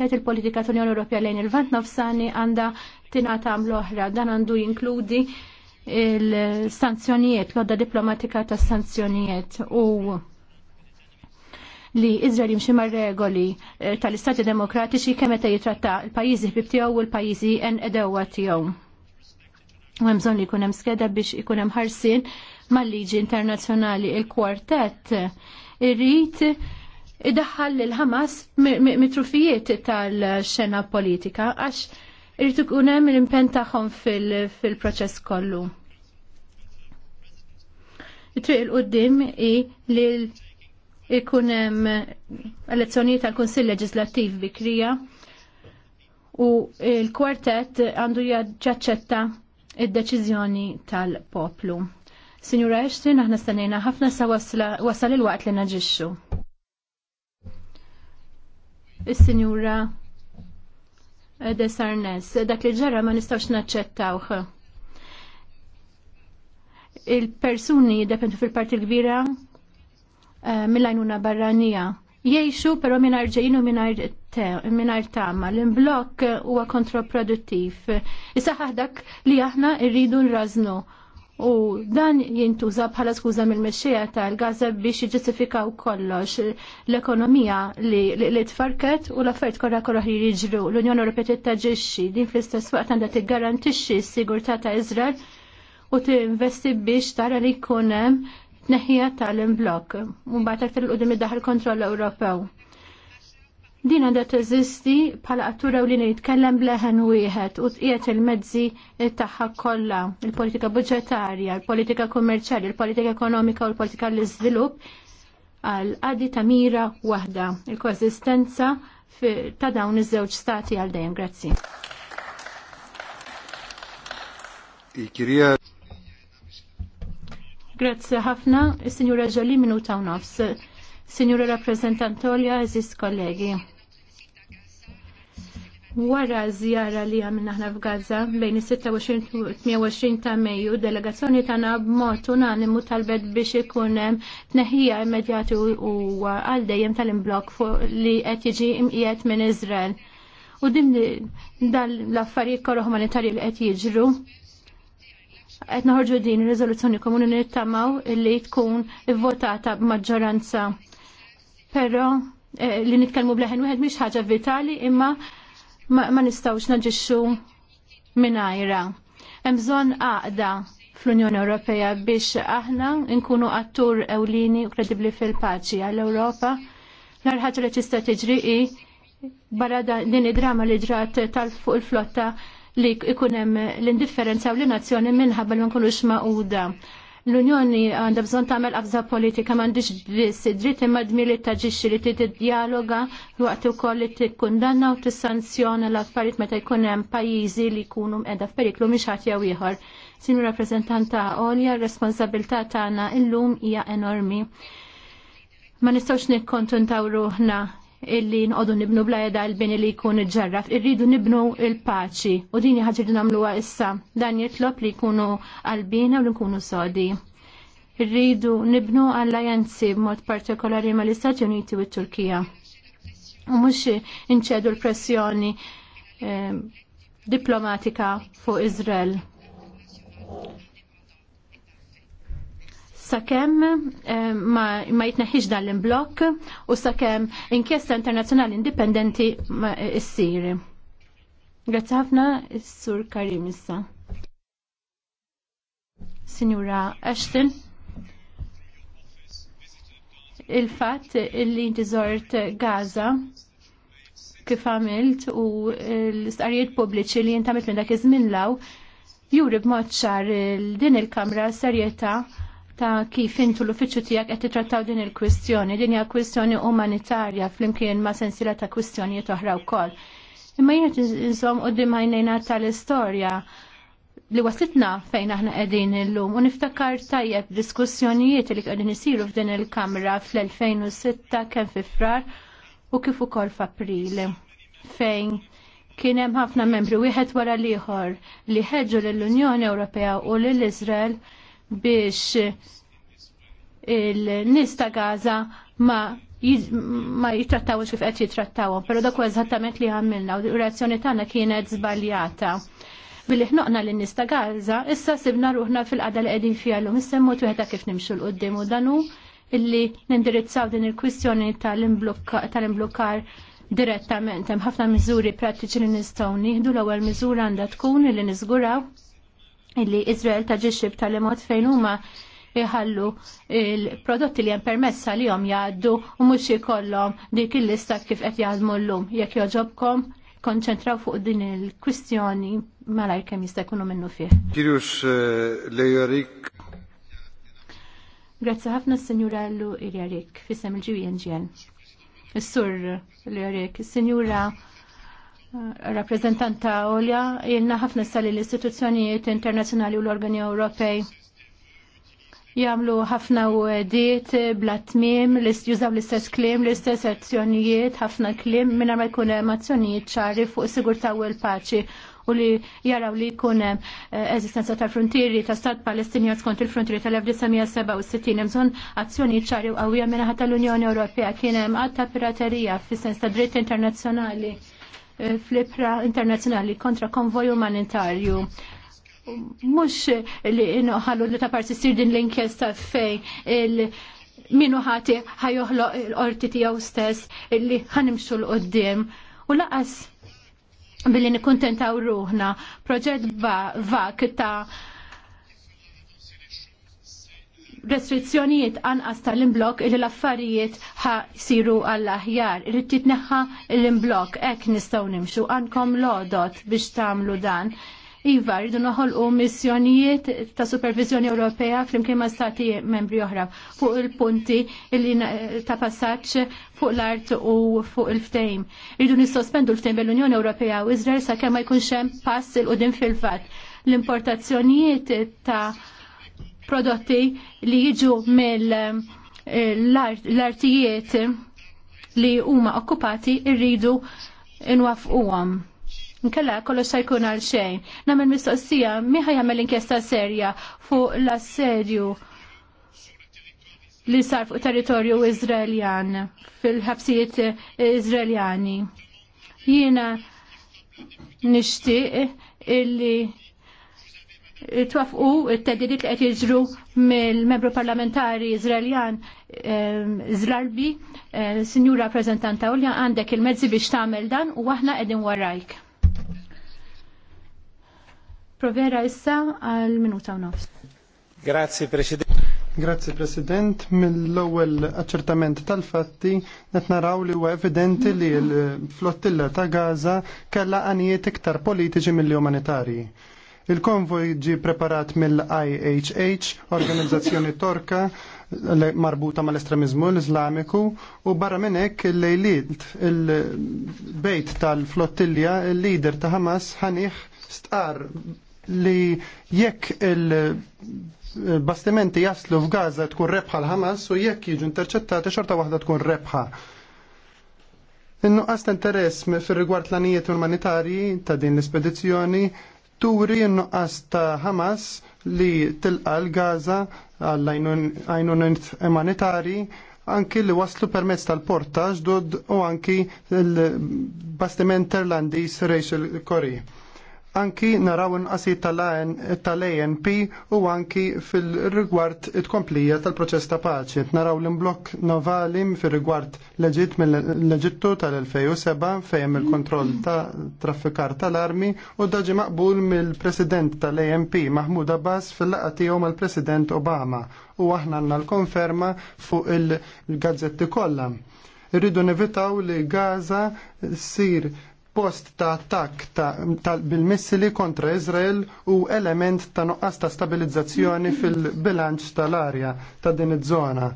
qed il-politika tal-Unjoni Ewropea lejn il-vant nofsani għandha tingħata l-oħra. Dan għandu jinkludi il-sanzjonijiet, l-odda diplomatika ta' sanzjonijiet u li Izrael jimxi mar regoli eh, tal-Istati Demokratiċi kemm meta jitratta l-pajjiżi ħbib tiegħu u l-pajjiżi en edewwa tiegħu. hemm bżonn li jkun hemm skeda biex ikun hemm ħarsien mal-liġi internazzjonali il-kwartet irrid idaħħal il-ħamas mitrufijiet tal-xena politika għax irrid ikun hemm l-impenn tagħhom fil-proċess fil kollu. It-triq il-qudiem hi li ikunem hemm elezzjonijiet tal-Kunsill Leġislattiv bikrija u l-kwartet għandu jaċċetta id-deċiżjoni tal-poplu. Sinjura Ashton, aħna stennejna ħafna sa wasal il-waqt li naġixxu. Is-Sinjura Desarnes. dak li ġara ma nistawx naċċettawh. Il-persuni dependu fil-parti l-kbira eh, mill-għajnuna barranija jiexu pero minar ġejnu minar tama. L-imblok huwa kontraproduttiv. Issa ħadak li aħna rridu nraznu U dan jintuża bħala skuża mill-mexxija tal-Gaza biex jiġġustifikaw kollox l-ekonomija li tfarket u l affert korra korra jiġru. L-Unjoni Ewropea tittaġixxi din fl-istess waqt għandha tiggarantixxi s-sigurtà ta' Iżrael u tinvesti biex tara li jkun hemm tneħħija tal-imblok. Mbagħad aktar il-qudiem id-daħal kontroll Ewropew. Din għadha teżisti bħala għattura u li nitkellem bleħen wieħed u tqiet il-mezzi tagħha kollha, il-politika budġetarja, il-politika kummerċjali, il-politika ekonomika u l-politika l-iżvilupp għal għaddi ta' mira waħda, il-koesistenza ta' dawn iż-żewġ stati għal dejjem. Grazzi. Grazzi ħafna, il sinjura Ġoli minuta u nofs. Sinjura Rappresentantolja, eżis kollegi. Wara żjara li għamilna aħna f'Gaza bejn is-26 28 ta' Mejju, delegazzjoni tagħna b'mod unanimu talbet biex ikun hemm tneħħija immedjati u għal dejjem tal-imblok li qed jiġi imqiegħed minn Iżrael. U dimni dan l-affarijiet korroħ humanitarji li qed jiġru qed naħorġu din ir-riżoluzzjoni komuni nittamaw li tkun votata b'maġġoranza. Però eh, li nitkellmu bleħen wieħed mhix ħaġa vitali imma ma, ma nistawx naġixxu minajra. Hemm bżonn għaqda fl-Unjoni Ewropea biex aħna nkunu attur ewlini u kredibbli fil-paċi għall-Ewropa. L-arħat li tista' tiġri barra din id-drama li ġrat tal-fuq il-flotta li ikun hemm l-indifferenza u l-nazzjoni minħabba li ma nkunux maquda. L-Unjoni għandha bżonn tagħmel qabża politika m'għandix biss id-dritt imma dmir li taġixxi li tiddialoga waqt ukoll li tikkundanna u tissanzjona l-affarijiet meta jkun hemm pajjiżi li jkunu qiegħda f'periklu mhix ħadd jew ieħor. Sinu rappreżentanta għolja, r-responsabilità tagħna illum hija enormi ma nistgħux nikkontuntaw ruħna illi nqodu nibnu bla jeda l-bini li jkun ġarraf, irridu nibnu il-paċi u dini li namluwa issa. Dan jitlob li jkunu għalbina u li nkunu sodi. Irridu nibnu allajanzi b'mod partikolari ma l-Istati Uniti u t-Turkija. U mux inċedu l-pressjoni eh, diplomatika fuq Izrael sakemm eh, ma, ma jitneħiġ dan l-imblok u sakemm inkjesta internazzjonali indipendenti issir. Grazzi ħafna s-sur Karim issa. Signora Ashton il-fat li inti Gaza kif għamilt u l-istqarijiet pubbliċi li jintamilt minn dak iż-żmien law juri b'mod ċar din il-kamra serjetà ta' kif intu l-uffiċċju tiegħek qed titrattaw din il-kwistjoni. Din hija kwistjoni umanitarja flimkien ma' sensiela ta' kwistjonijiet oħra wkoll. Imma jien qed insom qudiem għajnejna tal-istorja li wasitna fejn aħna qegħdin illum u niftakar tajjeb diskussjonijiet li qegħdin isiru f'din il-Kamra fl-2006 kemm fi frar u kif ukoll f'April fejn kien hemm ħafna membri wieħed wara l-ieħor li ħeġġu lill-Unjoni Ewropea u lill-Iżrael biex il nista Gaza ma ma jitrattawx kif qed jitrattawhom, però dak eżattament li għamilna u reazzjoni tagħna kienet żbaljata. Billi ħnoqna l nista Gaza, issa sibna ruħna fil-qada li qegħdin fiha llum, issa mod wieħed kif nimxu l qudiem u danu illi nindirizzaw din il-kwistjoni tal imblokkar direttament hemm ħafna miżuri prattiċi li nistgħu nieħdu l-ewwel miżura għandha tkun li niżguraw illi Izrael taġiġi btal mod fejn huma iħallu il-prodotti li hemm permessa li jom jgħaddu u mhux ikollhom dik il-lista kif qed jaħdmu llum. Jekk joġobkom, konċentraw fuq din il-kwistjoni malajr kemm jista' jkunu minnu fih. Kirjus eh, Lejarik. Grazzi ħafna s-Sinjura Lu Lejarik, fissem il-GNGN. Is-Sur lejarik s sinjura rappresentanta Olja, jilna ħafna sali l-istituzzjonijiet internazzjonali u l-organi Ewropej jamlu ħafna u bla tmiem, jużaw l-istess klim, l-istess azzjonijiet, ħafna klim, minna ma jkun hemm azzjonijiet ċari fuq is-sigurta' u l-paċi u li jaraw li jkun hemm eh, eżistenza ta' frontieri ta' stat Palestinjan skont il-frontieri tal-1967 mżon bżonn azzjonijiet ċari u qawwija minna ħata tal-Unjoni Ewropea kien hemm ta' piraterija fis-sens ta' dritt internazzjonali fl-ipra internazzjonali kontra konvoj umanitarju mux li inoħallu li ta' parti sir din l-inkjesta fej il minu ħati ħajuħlo l-orti tijaw stess li ħanimxu l-qoddim u laqas billi nikontentaw ruħna proġett vak ta' restrizzjonijiet anqas tal-imblok li l-affarijiet ħa siru għall-aħjar. Irrid titneħħa l-imblok, ek nistgħu nimxu, għandkom lodot biex tagħmlu dan. Iva, rridu noħolqu missjonijiet ta' supervizjoni Ewropea flimkien ma' stati membri oħra fuq il-punti ta' passaġġ fuq l-art u fuq il-ftejm. Rridu nissospendu l-ftejm bel-Unjoni Ewropea u Iżrael sakemm ma jkunx hemm pass il-qudiem fil-fatt. L-importazzjonijiet ta' prodotti li jiġu mill-artijiet eh, li huma okkupati irridu nwafquhom. Nkella kollox se jkun għal xejn. Nagħmel mistoqsija miħa jagħmel inkjesta serja fuq l-assedju li sar fuq territorju Iżraeljan fil-ħabsijiet Iżraeljani. Jiena nixtieq illi twafqu t-teddidiet li qed jiġru mill-membru parlamentari Izraeljan ehm, Zlarbi, eh, Sinjura Rappreżentanta Ulja, għandek il-mezzi biex tagħmel dan u aħna qegħdin warajk. Provera issa għal minuta u nofs. Grazie Presidente. Grazie President. Mill-ewwel aċċertament tal-fatti qed naraw li huwa evidenti li l-flottilla ta' Gaza kellha għanijiet iktar politiċi mill-umanitarji. Il-konvoj ġi preparat mill-IHH, organizzazzjoni torka marbuta mal-estremizmu l-Islamiku u barra minn hekk il lejlid il-bejt tal-flottilja il-lider ta' Hamas ħanih stqar li jekk il-bastimenti jaslu f'Gaza tkun rebħa l-Hamas u jekk jiġu interċettati xorta waħda tkun rebħa. Innu ta' interess fil rigward l-anijiet umanitarji ta' din l-ispedizzjoni turi n-nuqqas ta' Hamas li tilqa l-Gaza għall emanitari anki li waslu permezz tal-portaġ dod u anki l-bastiment terlandis Rachel Corrie anki naraw inqasi tal-ANP u anki fil-rigward it-komplija tal-proċess ta' paċi. Naraw l-imblok novali fil-rigward leġit mill-Eġittu tal-2007 fejem il-kontroll ta' traffikar tal-armi u daġi maqbul mill-President tal-ANP Mahmoud Abbas fil laqgħa tiegħu mal-President Obama u aħna għandna l-konferma fuq il-gazzetti kollha. Irridu nevitaw li Gaza sir post ta' attakk ta' bil-missili kontra Izrael u element ta' nuqqas ta' stabilizzazzjoni fil-bilanċ tal-arja ta' din iż-żona.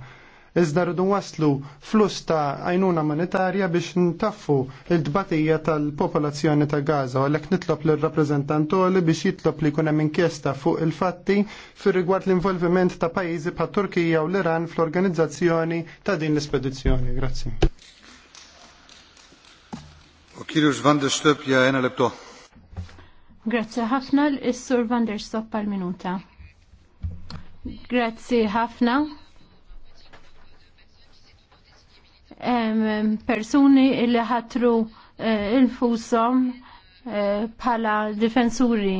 Iżda rridu waslu flus ta' għajnuna monetarja biex ntaffu il-dbatija tal-popolazzjoni ta' Gaza u għalek nitlob l-rappresentantoli biex jitlob li kunem inkjesta fuq il-fatti fir rigward l-involviment ta' pajizi pa' Turkija u l-Iran fl-organizzazzjoni ta' din l-espedizzjoni. Grazie. U van der Stöp ja Grazie ħafna l sur van der Stöp pal-minuta. Grazie ħafna. Persuni illi ħatru eh, il-fusom eh, bħala difensuri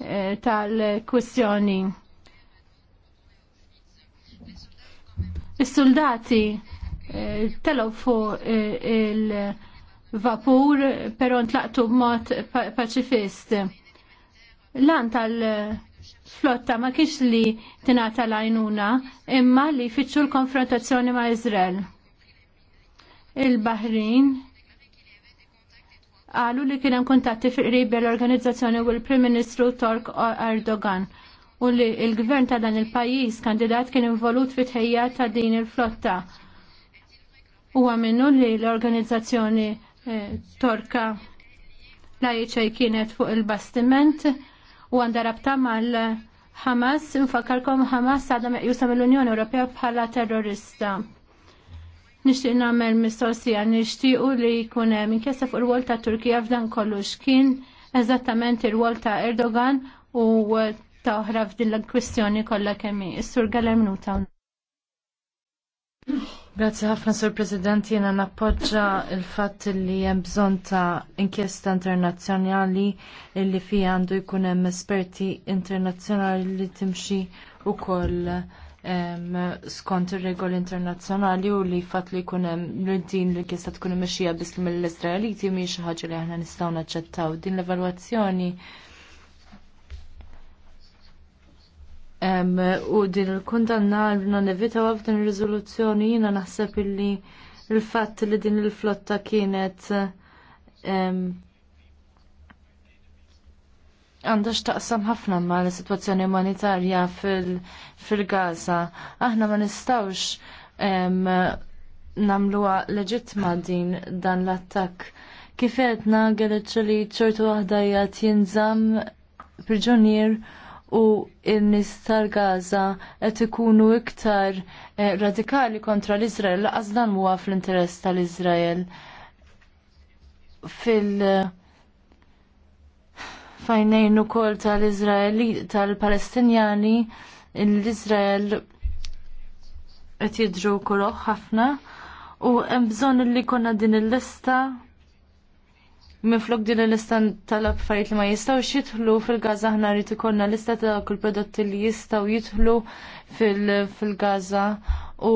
eh, tal kwestjoni il soldati telofu fuq il- vapur, però ntlaqtu b'mod paċifist. Lan tal-flotta ma kienx li tingħata l-għajnuna, imma li jfittxu l-konfrontazzjoni ma' Izrael. Il-Bahrin qalu li kien hemm kuntatti fi qrib l-organizzazzjoni u l-Prim Ministru Tork Erdogan u li l-gvern ta' dan il-pajjiż kandidat kien involut fit tħejja ta' din il-flotta. Huwa minnu li l-organizzazzjoni torka lajċa kienet fuq il-bastiment u għanda rabta mal Hamas, nfakarkom Hamas għadha meqjusa mill-Unjoni Ewropea bħala terrorista. Nixtieq nagħmel mistoqsija nixtiequ li jkun hemm inkjesta fuq il wol ta' Turkija f'dan kollu x'kien eżattament ir-wol ta' Erdogan u ta' oħra f'din l-kwistjoni kollha kemm is-sur Galer minuta. Grazie ħafna, Sur President, jena nappoġġa il-fatt li hemm bżonn ta' inkjesta internazzjonali li fija għandu jkun hemm esperti internazzjonali li timxi wkoll skont ir-regoli internazzjonali u li fatt li jkun hemm din li inkjesta tkun imexxija biss mill israeliti mhix ħaġa li aħna nistgħu naċċettaw din l-evalwazzjoni u din il-kundanna nevita nevitaw f'din ir-riżoluzzjoni jiena naħseb illi il-fatt li din il-flotta kienet għanda x'taqsam ħafna ma l-sitwazzjoni umanitarja fil-Gaza. Aħna ma nistawx namluha leġitma din dan l-attakk kifetna għelet li ċertu għahdajat jinżam prigjonier u n-nis tal-Gaza qed ikunu iktar eh, radikali kontra l-Izrael laqas dan huwa fl-interess tal-Izrael fil- fajnejn ukoll tal izrael tal-Palestinjani l-Izrael qed jidru kuroħ ħafna u hemm bżonn li konna din il-lista minflok din l istan tal-affarijiet li ma jistgħux jidħlu fil-Gaza aħna rrid ikollna lista ta' kull prodotti li jistgħu jidħlu fil-Gaza u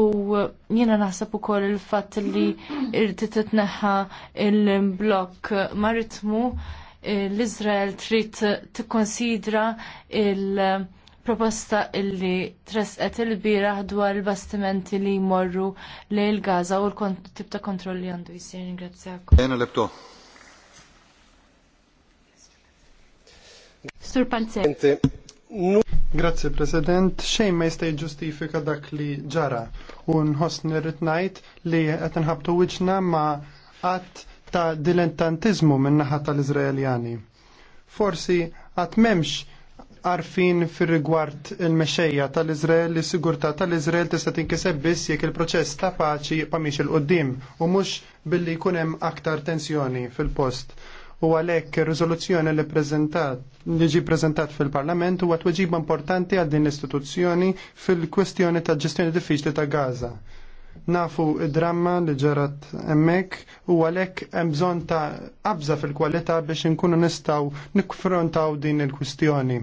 jiena naħseb ukoll il-fatt li irrid titneħħa il-blok maritmu l-Izrael trid tikkonsidra il-proposta illi tresqet il bira dwar il-bastimenti li jmorru il Gaza u l-tip ta' kontrolli għandu jisir. Ingrazzjak. Sur Panzer. Grazie President, xejn ma jista' jiġġustifika dak li ġara u nħossni rrid ngħid li qed inħabtu wiċċna ma' qatt ta' dilettantiżmu min-naħa tal-Iżraeljani. Forsi qatt m'hemmx għarfin fir-rigward il-mexejja tal-Iżrael li sigurtà tal-Iżrael tista' tinkiseb biss jekk il-proċess ta' paċi jibqa' il qudiem u mhux billi jkun hemm aktar tensjoni fil-post u għalhekk ir-riżoluzzjoni li prezentat li ġi fil-Parlament huwa għatweġib importanti għal din l-istituzzjoni fil-kwestjoni ta' ġestjoni diffiċli ta' Gaza. Nafu id-dramma li ġarat hemmhekk u għalek hemm bżonn ta' qabża fil-kwalità biex nkunu nistgħu nikfrontaw din il-kwistjoni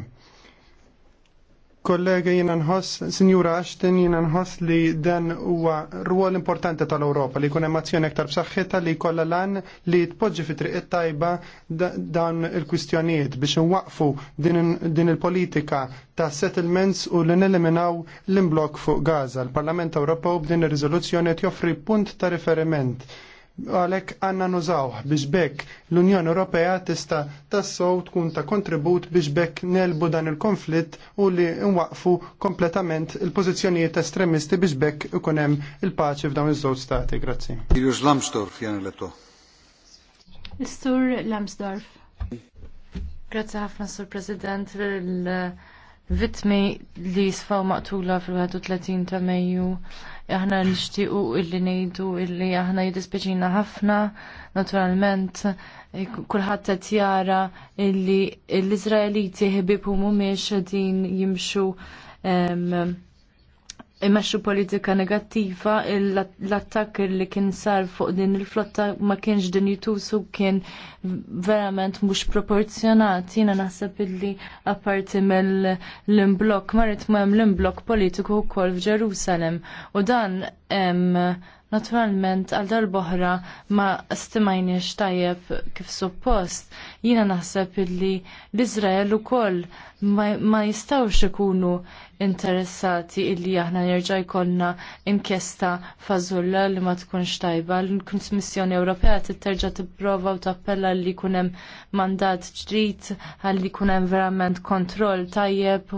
kollega jina nħoss, Sinjura Ashton jina nħoss li dan huwa ruol importanti tal-Ewropa li jkun hemm aktar b'saħħitha li jkollha lan li tpoġġi fi triq tajba dawn il-kwistjonijiet biex nwaqfu din il-politika ta' settlements u li neliminaw l-imblok fuq Gaza. Il-Parlament Ewropew b'din ir-riżoluzzjoni joffri punt ta' riferiment għalek għanna nużaw biex bekk l-Unjoni Ewropea tista tassow tkun ta' kontribut biex bekk nelbu dan il-konflitt u li nwaqfu kompletament il-pozizjonijiet estremisti biex bekk ikunem il-paċi f'dawn iż-żewġ stati. Grazzi. Irjus Lamsdorf jan l Istur Lamsdorf. Grazzi ħafna, Sur President, vitmi li jisfaw maqtula fil-31 ta' Mejju. Aħna nixtiequ illi ngħidu illi aħna jidispeċina ħafna, naturalment, kulħadd qed jara illi l-Iżraeliti ħibibhom mhumiex qegħdin jimxu imexxu politika negattiva l-attakk li kien sar fuq din il-flotta ma kienx din jitusu kien verament mhux proporzjonat. Jiena naħseb illi apparti mill-imblok marit ma hemm l-imblok politiku wkoll f'Ġerusalem. U dan hemm Naturalment, għal darboħra ma stimajniex tajjeb kif suppost, jina naħseb illi l-Izrael u koll ma, ma jistawx ikunu interessati illi aħna nerġa' jkollna inkjesta fażulla li ma tkunx tajba. L-Kummissjoni Ewropea titterġa' tipprova u tappella li jkun hemm mandat ġdid għalli jkun hemm verament kontroll tajjeb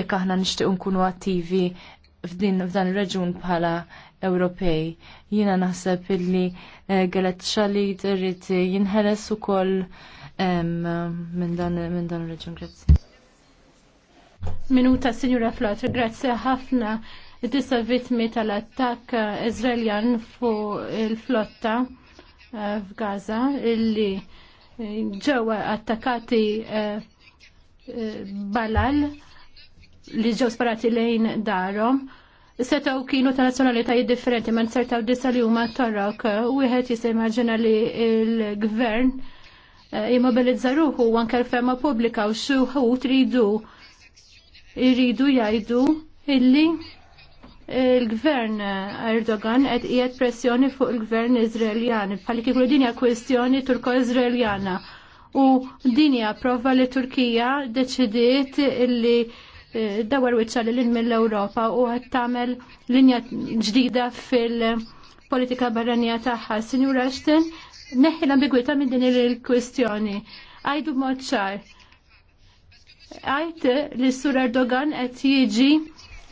jekk aħna nixtieq nkunu attivi f'din f'dan ir-reġun bħala Ewropej. Jiena naħseb illi eh, Galet Xalid irrid jinħeles ukoll minn dan ir-reġun. Grazzi. Minuta, Signora Flot, grazzi ħafna disa vittmi tal attakk Izraeljan fuq il-flotta eh, f'Gaza illi eh, ġewwa attakati balal li ġew sparati lejn darhom setaw kienu ta' nazzjonalitajiet differenti ma' nsertaw disa li huma torrok u wieħed jista' jimmaġina li l-gvern eh, jimmobilizza ruħu anke l-ferma pubblika u xi tridu ridu jridu jgħidu illi il-gvern Erdogan qed qiegħed pressjoni fuq il-gvern Iżraeljan bħal kieku din hija kwestjoni turko-Iżraeljana. U dinja prova li Turkija deċidiet illi dawar wiċċa li l-in mill-Ewropa u għed tagħmel linja ġdida fil-politika barranija tagħha. Signor Ashton, neħi l-ambigwita minn din il-kwistjoni. Għajdu mod ċar. Għajt li s-sur Erdogan qed jiġi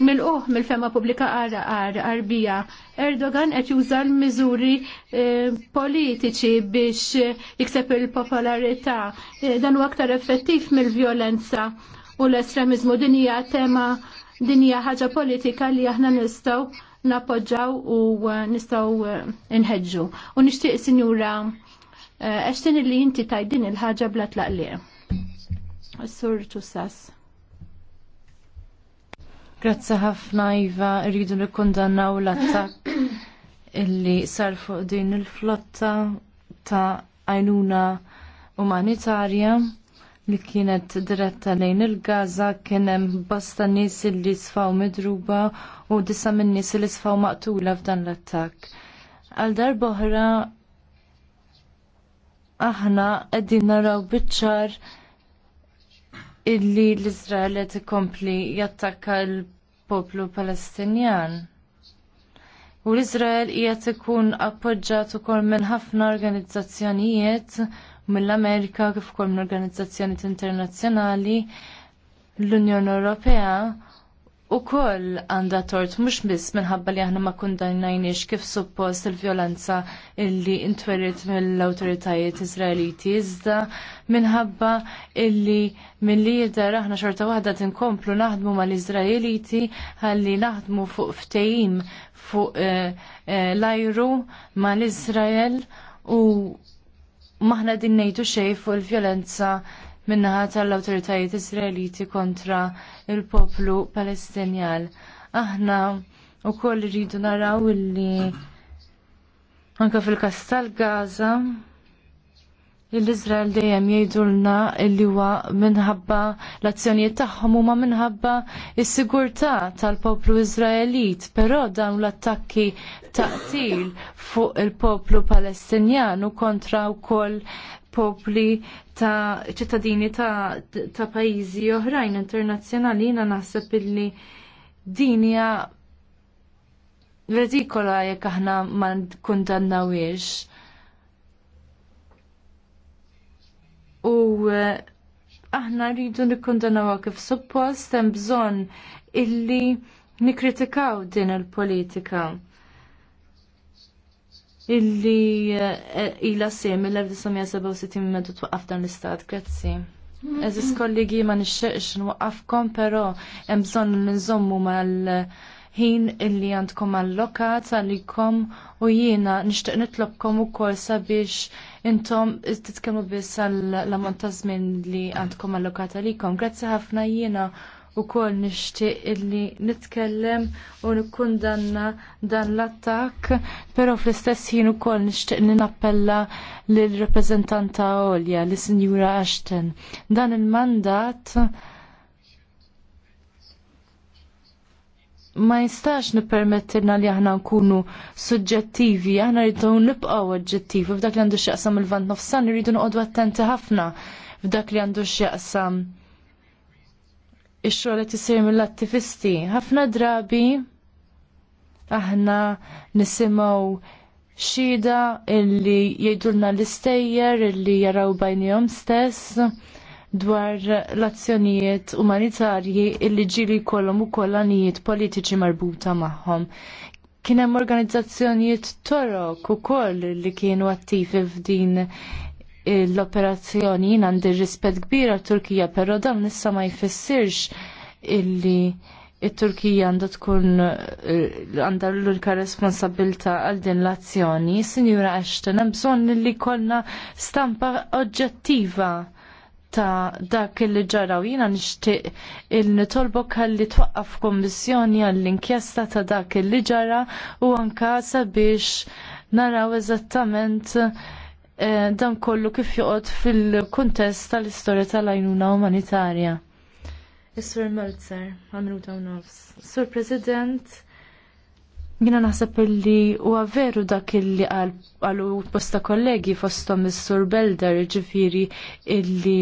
mill-uħ mill-fema publika għara għar arbija. Erdogan qed juża l-miżuri eh, politiċi biex jikseb il-popolarità. Eh, dan huwa aktar effettiv mill-vjolenza u l-estremizmu din hija tema din hija ħaġa politika li aħna nistgħu napoġġaw u eh, nistgħu eh, inħedġu. U nixtieq sinjura għaxtin eh, li jinti tajdin il-ħaġa bla tlaqli. Sur Tussas. Grazzi ħafna Iva, rridu nikkondannaw l-attak *clears throat* illi sar fuq din il-flotta ta' għajnuna umanitarja li kienet diretta lejn il-Gaza kien hemm bosta nies li sfaw midruba u disa minn nies li sfaw maqtula f'dan l-attakk. Għal darboħra aħna qegħdin naraw biċċar illi l-Iżrael qed ikompli jattakka l-poplu Palestinjan. U l-Iżrael qiegħed ikun appoġġjat ukoll minn ħafna organizzazzjonijiet mill-Amerika kif ukoll minn organizzazzjonijiet internazzjonali l-Unjoni Ewropea ukoll għandha tort mhux biss minħabba li aħna ma kundannajniex kif suppost il-vjolenza illi ntwerret mill-awtoritajiet Iżraeliti iżda minħabba illi mill jidher aħna xorta waħda tinkomplu naħdmu mal-Iżraeliti ħalli naħdmu fuq ftehim fuq eh, eh, l-ajru mal-Iżrael u maħna din ngħidu xej fuq il-vjolenza minnaħa tal-awtoritajiet Izraeliti kontra il-poplu Palestinjan. Aħna wkoll rridu naraw illi anke fil-Kastal Gaza l-Izrael dejjem jgħidulna li huwa minħabba l-azzjonijiet tagħhom huma minħabba s-sigurtà tal-poplu Iżraelit, però dawn l-attakki taqtil fuq il-poplu Palestinjan u kontra wkoll popli ta' ċittadini ta', ta pajjiżi oħrajn internazzjonali jiena naħseb illi dinja redikola jekk aħna ma kundannawiex u eh, aħna rridu nikkondanaw kif suppost hemm bżonn illi nikkritikaw din il-politika illi eh, ila sim mill-1967 medu twaqaf dan l-istat. Grazzi. Eżis kollegi ma nixxeqx nwaqqafkom, pero hemm bżonn nżommu mal- ħin illi għandkom allokat għalikom u jiena nixtieq nitlobkom ukoll sabiex intom titkellmu biss għall-ammont ta' żmien li għandkom allokat għalikom. Grazzi ħafna jiena u ukoll nixtieq illi nitkellem u nikkundanna dan l-attakk, però fl-istess jien ukoll nixtieq li nappella lill reprezentanta Olja, li Sinjura Ashton. Dan il-mandat ma jistax nippermettilna li aħna nkunu suġġettivi, aħna rridu nibqaw oġġettivi f'dak li għandu x'jaqsam il-vant nofsan, rridu nqogħdu attenti ħafna f'dak li għandu x'jaqsam ix-xogħol qed isir mill-attivisti. Ħafna drabi aħna nisimgħu xhieda illi jgħidulna l-istejjer illi jaraw bajnihom stess dwar l-azzjonijiet umanitarji illi ġili kollom u kollanijiet politiċi marbuta maħħom. Kienem organizzazzjonijiet torok u koll li kienu attivi f'din l-operazzjoni jina għandi rispet kbira Turkija, pero dan nissa ma jfessirx illi il turkija għanda tkun eh, għandha l-unika responsabilta għal din l-azzjoni. Sinjura Ashton, hemm bżonn li konna stampa oġġettiva ta' dak li ġaraw jina nixtieq il-nitolbok għalli twaqqaf kommissjoni għall-inkjesta ta' dak li ġara u anka sabiex naraw eżattament eh, dan kollu kif joqgħod fil-kuntest tal-istorja tal-għajnuna umanitarja. Is-Sur Meltzer, għamilu ta' nofs. Sur President, Jina naħseb li u veru dak illi għalu posta kollegi fostom is-sur Belder ġifiri illi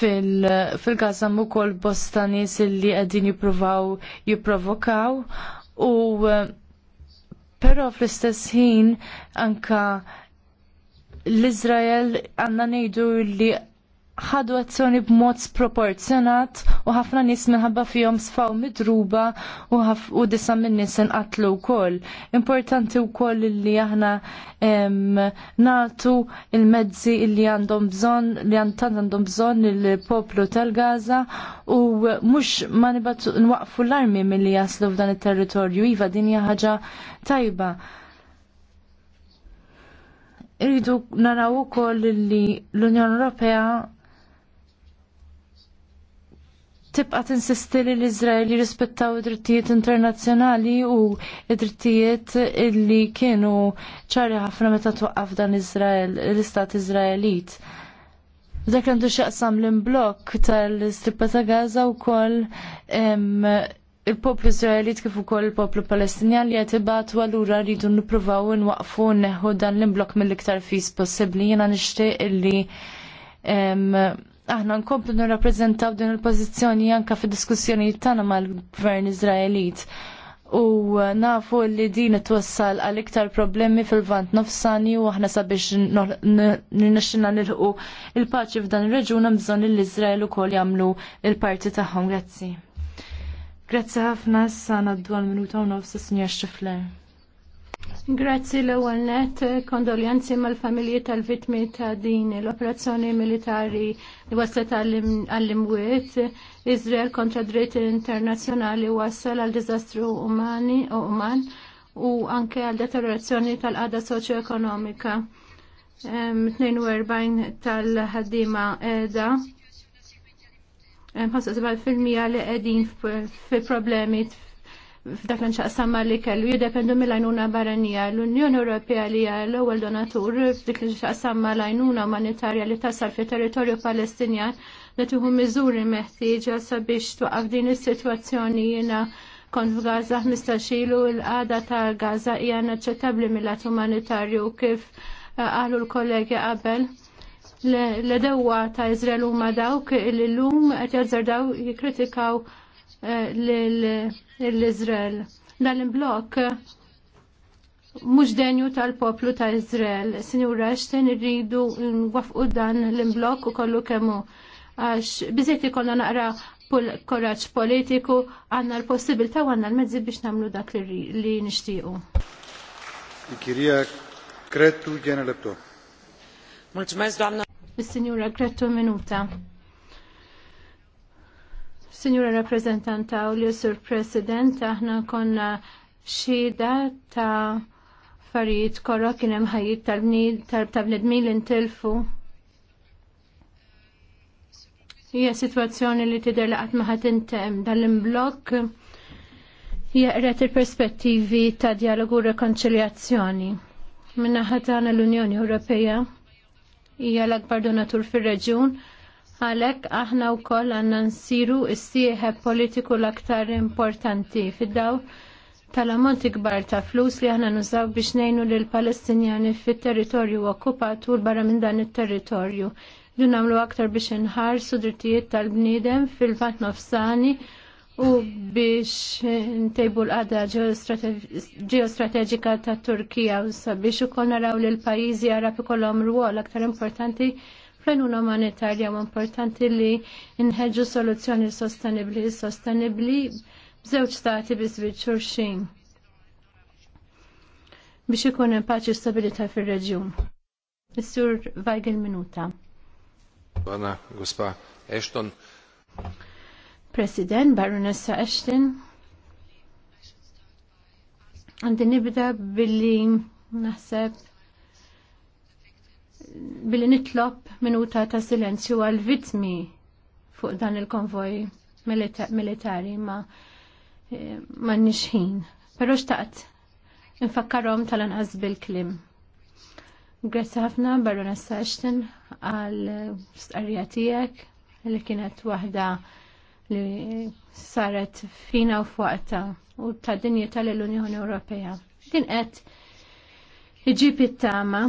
fil-gazam u kol bosta nis illi għedin eh, jiprovaw jiprovokaw u pero fl-istess ħin anka l-Izrael għanna nejdu li ħadu azzjoni b'mod sproporzjonat u ħafna nies minħabba fihom sfaw midruba u, u disa minn nies inqatlu wkoll. Importanti wkoll li aħna nagħtu il-mezzi li għandhom bżonn li għantant għandhom bżonn il-poplu tal-Gaza u mhux ma nibatu nwaqfu l-armi milli jaslu f'dan it-territorju iva din hija ħaġa tajba irridu naraw ukoll li l-Unjoni Ewropea tibqa tinsisti li l-Izrael jirrispettaw id-drittijiet internazzjonali u id-drittijiet illi kienu ċari ħafna meta twaqqaf dan Izrael, l-Istat Izraelit. Dak għandu xaqsam l-imblok tal-strippa ta' Gaza u koll il-poplu Izraelit kif ukoll il-poplu Palestinjan li qed ibatu allura rridu nippruvaw inwaqfu neħu dan l-imblok mill-iktar fis possibbli. Jiena nixtieq illi aħna nkomplu nirrappreżentaw din il-pożizzjoni anke fid-diskussjonijiet tagħna mal-Gvern Iżraelit. U uh, nafu li din itwassal għal iktar problemi fil-vant nofsani u aħna sabiex nirnaxxina nilħu il-paċi f'dan ir-reġun hemm bżonn li l-Iżrael ukoll jagħmlu l-parti tagħhom. Grazzi. Grazzi ħafna issa ngħaddu għal minuta u nofs is-Sinjor Xifler. Grazzi l-ewwel net eh, kondoljanzi mal-familji tal-vittmi ta' din l-operazzjoni militari li waslet għall-imwiet Izrael kontra dritt internazzjonali wassal għal diżastru umani u uman u anke għal deteriorazzjoni tal-qada soċjoekonomika. 42 tal-ħaddima edha 75% li qegħdin fi problemi f'dak l samma li kellu jidependu mill-għajnuna barranija. L-Unjoni Ewropea li hija l-ewwel donatur f'dik l samma l-għajnuna umanitarja li tasal fi territorju Palestinjan li tieħu miżuri meħtieġa sabiex twaqaf din is-sitwazzjoni jiena kont f'Gaza 15 ilu l-qada ta' Gaza hija naċċettabbli mill-att umanitarju kif eh, qalu l-kollegi qabel l edewwa ta' Iżrael huma dawk li qed jazzardaw jikkritikaw l-Izrael. Dan il-blok mhux denju tal-poplu ta' Izrael. Sinjura Ashton irridu nwafqu dan l-imblok u kollu kemmu għax biżiet ikollna naqra korraġġ politiku għandna l possibilta u għandna l-mezzi biex nagħmlu dak li nixtiequ. Kirija Kretu ġena lebto. Mulċmez, doamna. Is-Sinjura Kretu minuta. Signora Rappresentanta u li Sur President, aħna konna xida ta' farijiet korra kien hemm ħajjit tal-bnedmin li ntilfu. Hija sitwazzjoni li tidher li qatt ma ħadd intemm dal-imblokk jaqret il-perspettivi ta' dialogu u rekonċiljazzjoni. Minna ħatana l-Unjoni Ewropea hija l-akbar donatur fir-reġjun Għalek aħna u koll għanna nsiru s-sieħeb politiku l-aktar importanti fid-daw tal-ammonti kbar ta' flus li aħna nużaw biex nejnu lil palestinjani fit-territorju okkupat u l-barra minn dan it-territorju. Dun għamlu aktar biex nħarsu drittijiet tal-bnidem fil fat nofsani u biex ntejbu l-qada ġeostrateġika ta' Turkija u sabiex u konna raw l-pajizi għarab ikollhom ruol aktar importanti Plenuna monetarja u importanti li nħedġu soluzzjoni sostenibli sostenibli b'żewġ stati biżviċ xin biex ikun hemm paċi stabilità fir-reġjun. Mr. Minuta. Bana Guspa Ashton. President Baronessa Ashton. Għandi nibda billi naħseb billi nitlob minuta ta' silenzju għal vittmi fuq dan il-konvoj militari ma eh, ma nixħin. Pero xtaqt, infakkarom tal-anqas bil-klim. Grazzi ħafna Baronessa Ashton għal starrija tijek li kienet waħda li saret fina u fuqta u ta' dinjeta l-Unjoni Ewropea. Din qed iġib it-tama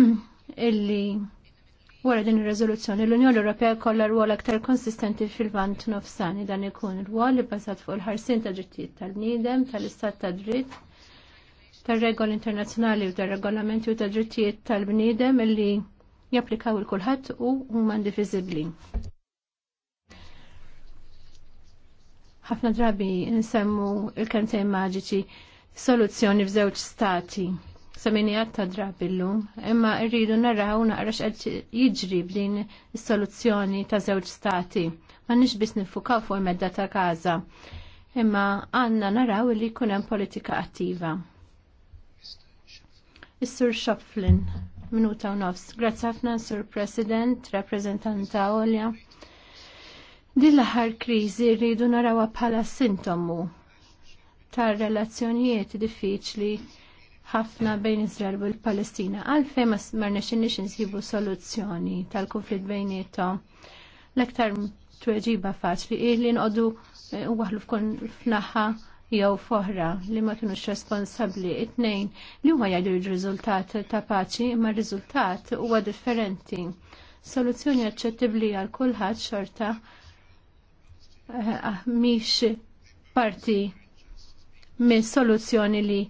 *clears throat* illi wara din ir-riżoluzzjoni l-Unjoni Ewropea kollha rwol aktar konsistenti fil-vant nofsani dan ikun rwol li basat fuq il-ħarsin ta' ġittijiet tal bniedem tal-istat ta' dritt, tar-regoli internazzjonali u tar-regolamenti u ta' ġittijiet tal-bniedem illi japplikaw il-kulħadd u huma indiviżibbli. ħafna drabi nsemmu il-kantejn maġiċi soluzzjoni f'żewġ stati seminijat ta' illum, imma rridu narraw naqra x'qed jiġri b'din is-soluzzjoni ta' żewġ stati. Ma nix biss nifukaw fuq medda ta' każa. imma għandna naraw li jkun hemm politika attiva. Is-Sur Shoflin minuta u nofs. Grazzi ħafna Sur President, rappreżentanta Olja. Din l-aħħar kriżi rridu narawha bħala sintomu tar relazzjonijiet diffiċli ħafna bejn Izrael u l-Palestina. Għalfejn ma marnex nix nsibu soluzzjoni tal-konflitt bejnietom. L-aktar tweġiba faċli li nqodu eh, waħlu f'kun f'naħħa jew foħra li ma kienux responsabbli Itnejn tnejn li huma jgħidu r-riżultat ta' paċi imma r-riżultat huwa differenti. Soluzzjoni aċċettibbli għal kulħadd xorta eh, ah, mhix parti minn soluzzjoni li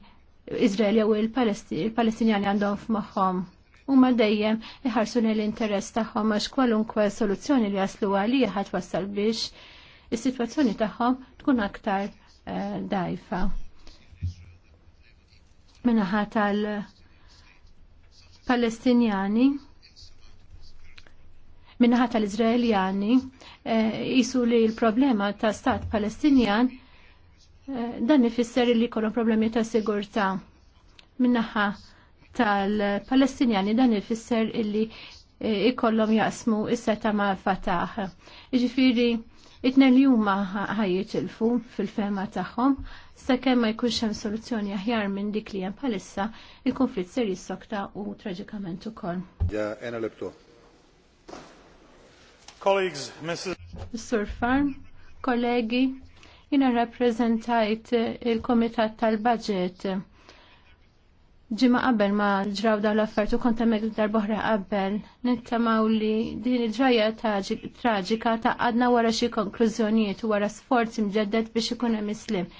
Izrael jew il-Palestinjani għandhom f'moħħom. Huma dejjem iħarsu l-interess tagħhom għax kwalunkwe soluzzjoni li jaslu għalija ħadd wassal biex is-sitwazzjoni tagħhom tkun aktar eh, dajfa. Minnaħa tal-Palestinjani, minnaħa tal-Izraeljani, eh, jisu li l-problema ta' stat Palestinjan Dan ifisser li jkollhom problemi ta' sigurtà min-naħa tal-Palestinjani dan ifisser illi eh, ikollhom jaqsmu is-seta ma' fataħ. Jiġifieri it-tnejn li huma ħajjitilfu fil-fema tagħhom sakemm ma jkunx hemm soluzzjoni aħjar minn dik li hemm bħalissa il-konflitt ser jissokta u traġikament ukoll. Ja, ena lebtu. Colleagues, Mrs. Sir Farm, kollegi, Jina rappresentajt il-Komitat tal-Budget. Ġimma qabel ma ġraw daw l affertu konta meg darbohra qabel, nittamaw li din il-ġraja traġika ta' għadna wara xi konklużjonijiet wara sforzi mġeddet biex ikun hemm islim.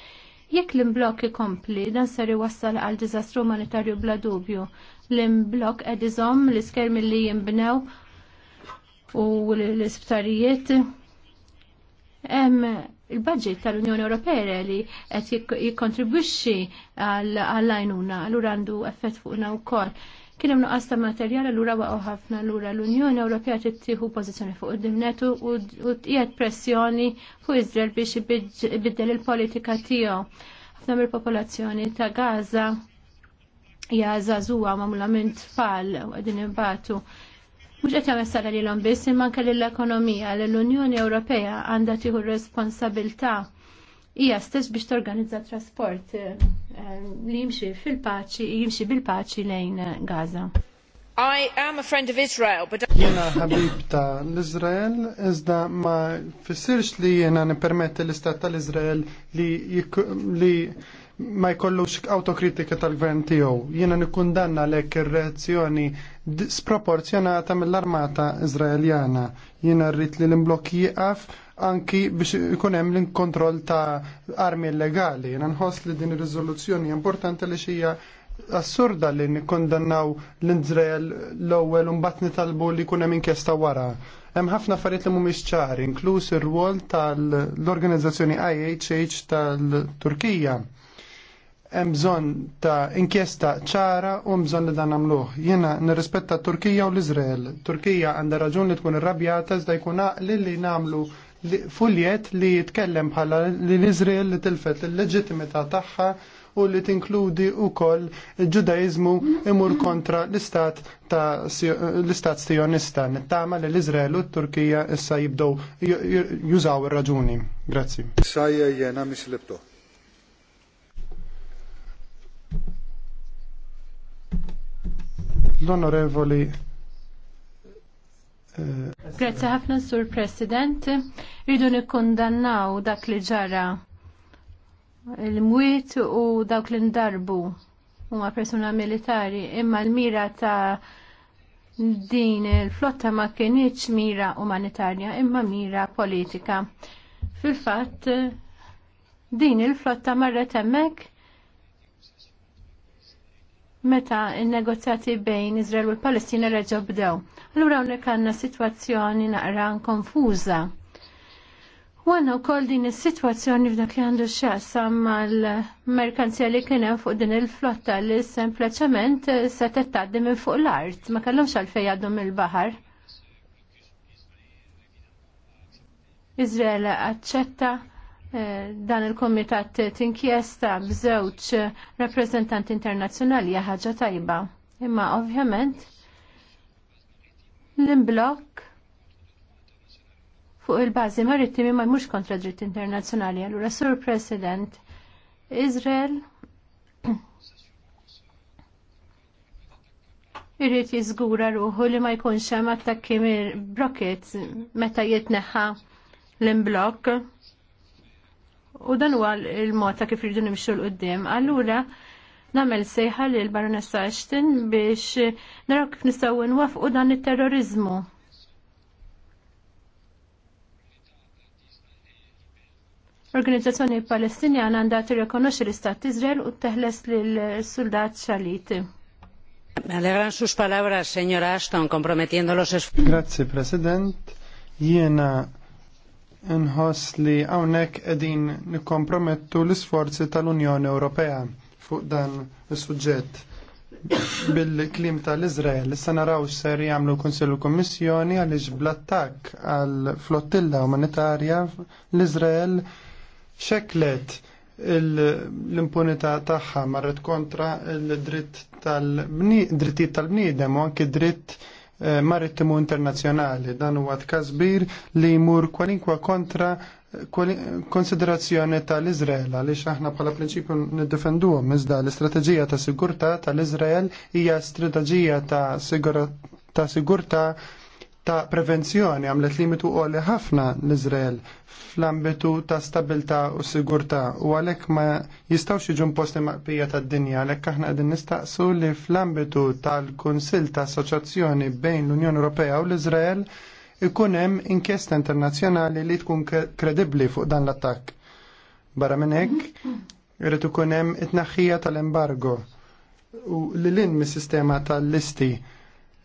Jekk l-imblok ikompli, dan ser iwassal għal diżastru umanitarju bla dubju. L-imblok edizom l iskerm li jimbnew u l-isptarijiet il-budget tal-Unjoni Ewropea li qed jikkontribwixxi għall-għajnuna allura għandu effett fuqna wkoll. Kien hemm nuqqas ta' materjal allura waqgħu ħafna allura l-Unjoni Ewropea trid tieħu pożizzjoni fuq id-dimnetu u tqiegħed pressjoni fuq Iżrael biex ibiddel il-politika tiegħu. Ħafna mill-popolazzjoni ta' Gaza hija ma' magħmula minn tfal u qegħdin imbagħtu Mux għet jgħamil sara li l-om biss imman kelli l-ekonomija l-Unjoni Ewropea għanda tiħu responsabilta hija stess biex torganizza trasport eh, li jimxi fil-paċi, jimxi bil-paċi lejn Gaza. I am a friend of Israel, but... Jena ħabib ta' l-Izrael, iżda ma fissirx li jena nippermetti l-istat tal-Izrael li ma jkollux autokritika tal-gvern tiegħu. Jiena nikkundanna lek ir-reazzjoni sproporzjonata mill-armata Izraeljana. Jiena rrit li l-imblokki jiqaf anki biex ikun hemm l-kontroll ta' armi illegali. Jiena nħoss li din ir-riżoluzzjoni importanti li xija assurda li nikondannaw l-Izrael l-ewwel u mbagħad nitalbu li jkun hemm inkjesta wara. Hemm ħafna affarijiet li mhumiex ċari, inkluż ir-rwol tal-organizzazzjoni IHH tal-Turkija hemm bżonn ta' inkjesta ċara u bżonn li dan nagħmluh. Jiena nirrispetta Turkija u l izrael Turkija għandha raġun li tkun irrabjata iżda jkun aqli li nagħmlu fuljet li jitkellem bħala li l izrael li tilfet il-leġittimità tagħha u li tinkludi wkoll il-Ġudaizmu imur kontra l-istat ta' l-istat Nittama li l-Izrael u t-Turkija issa jibdow jużaw ir raġuni Grazzi. Sajja jena mislibtu. L-Onorevoli eh, Grazie ħafna, Sur President. Rridu nikkondannaw dak li ġara il-mwiet u dawk li ndarbu huma persuna militari, imma l-mira ta' din il-flotta ma kienieċ mira umanitarja, imma mira politika. Fil-fatt, din il-flotta marret hemmhekk meta il-negozjati bejn Izrael u l-Palestina reġgħu bdew. Allura hawnhekk għandna sitwazzjoni naqra konfuza. U għanna u koll din il-situazzjoni f'dak li għandu xaqsam mal-merkanzja li kienem fuq din il-flotta li sempliciment se tettaddi minn fuq l-art, ma kellhomx għalfej għaddu il bahar Izrael accetta Eh, dan il-komitat tinkjesta bżewġ rappreżentanti internazzjonali ħaġa tajba. Imma ovvjament l-imblok fuq il-bazi marittimi ma jmux kontra dritt internazzjonali. Allura, Sur President, Izrael *clears throat* irrit jizgura ruħu li ma jkunx hemm attakki mir brockets meta jitneħħa l-imblok U dan huwa l-mod ta' kif rridu nimxu l-qoddim. Allura nagħmel sejħa lil Baronessa Ashton biex naraw kif nistgħu nwafqu dan it-terrorizmu. L-Organizzazzjoni Palestinjana għandha tirrikonoxxi l-Istat Iżrael u teħles lill-Soldat Xalit. Me alegran sus palabras, señora Ashton, comprometiendo los esfuerzos. Grazie, President. Jiena nħoss li hawnhekk qegħdin nikkompromettu l-isforzi tal-Unjoni Ewropea fuq dan is-suġġett bil-klim tal-Iżrael. Issa naraw x'ser jagħmlu l-Kunsill Kummissjoni għaliex bl-attakk għal flottilla umanitarja l-Iżrael xeklet l-impunità tagħha marret kontra l-dritt tal-bniedem u anke dritt Eh, marittimu internazzjonali. Dan huwa tkasbir li jmur kwalinkwa kontra eh, konsiderazzjoni tal-Izrael għaliex aħna bħala prinċipju niddefenduhom iżda l-istrateġija ta' sigurtà tal izrael hija strategija ta' sigurtà ta' sigurta ta' prevenzjoni għamlet limitu għolli ħafna l-Izrael fl-ambitu ta' stabilta u sigurta u għalek ma jistawx iġun posti maqbija ta' dinja għalek aħna għedin nistaqsu li fl-ambitu tal konsil ta' Assoċjazzjoni bejn l-Unjoni Ewropea u l-Izrael ikun hemm inkjesta internazzjonali li tkun kredibbli fuq dan l-attakk. Barra minn hekk, kunem ikun hemm it-tnaħħija tal-embargo u l-lin mis-sistema tal-listi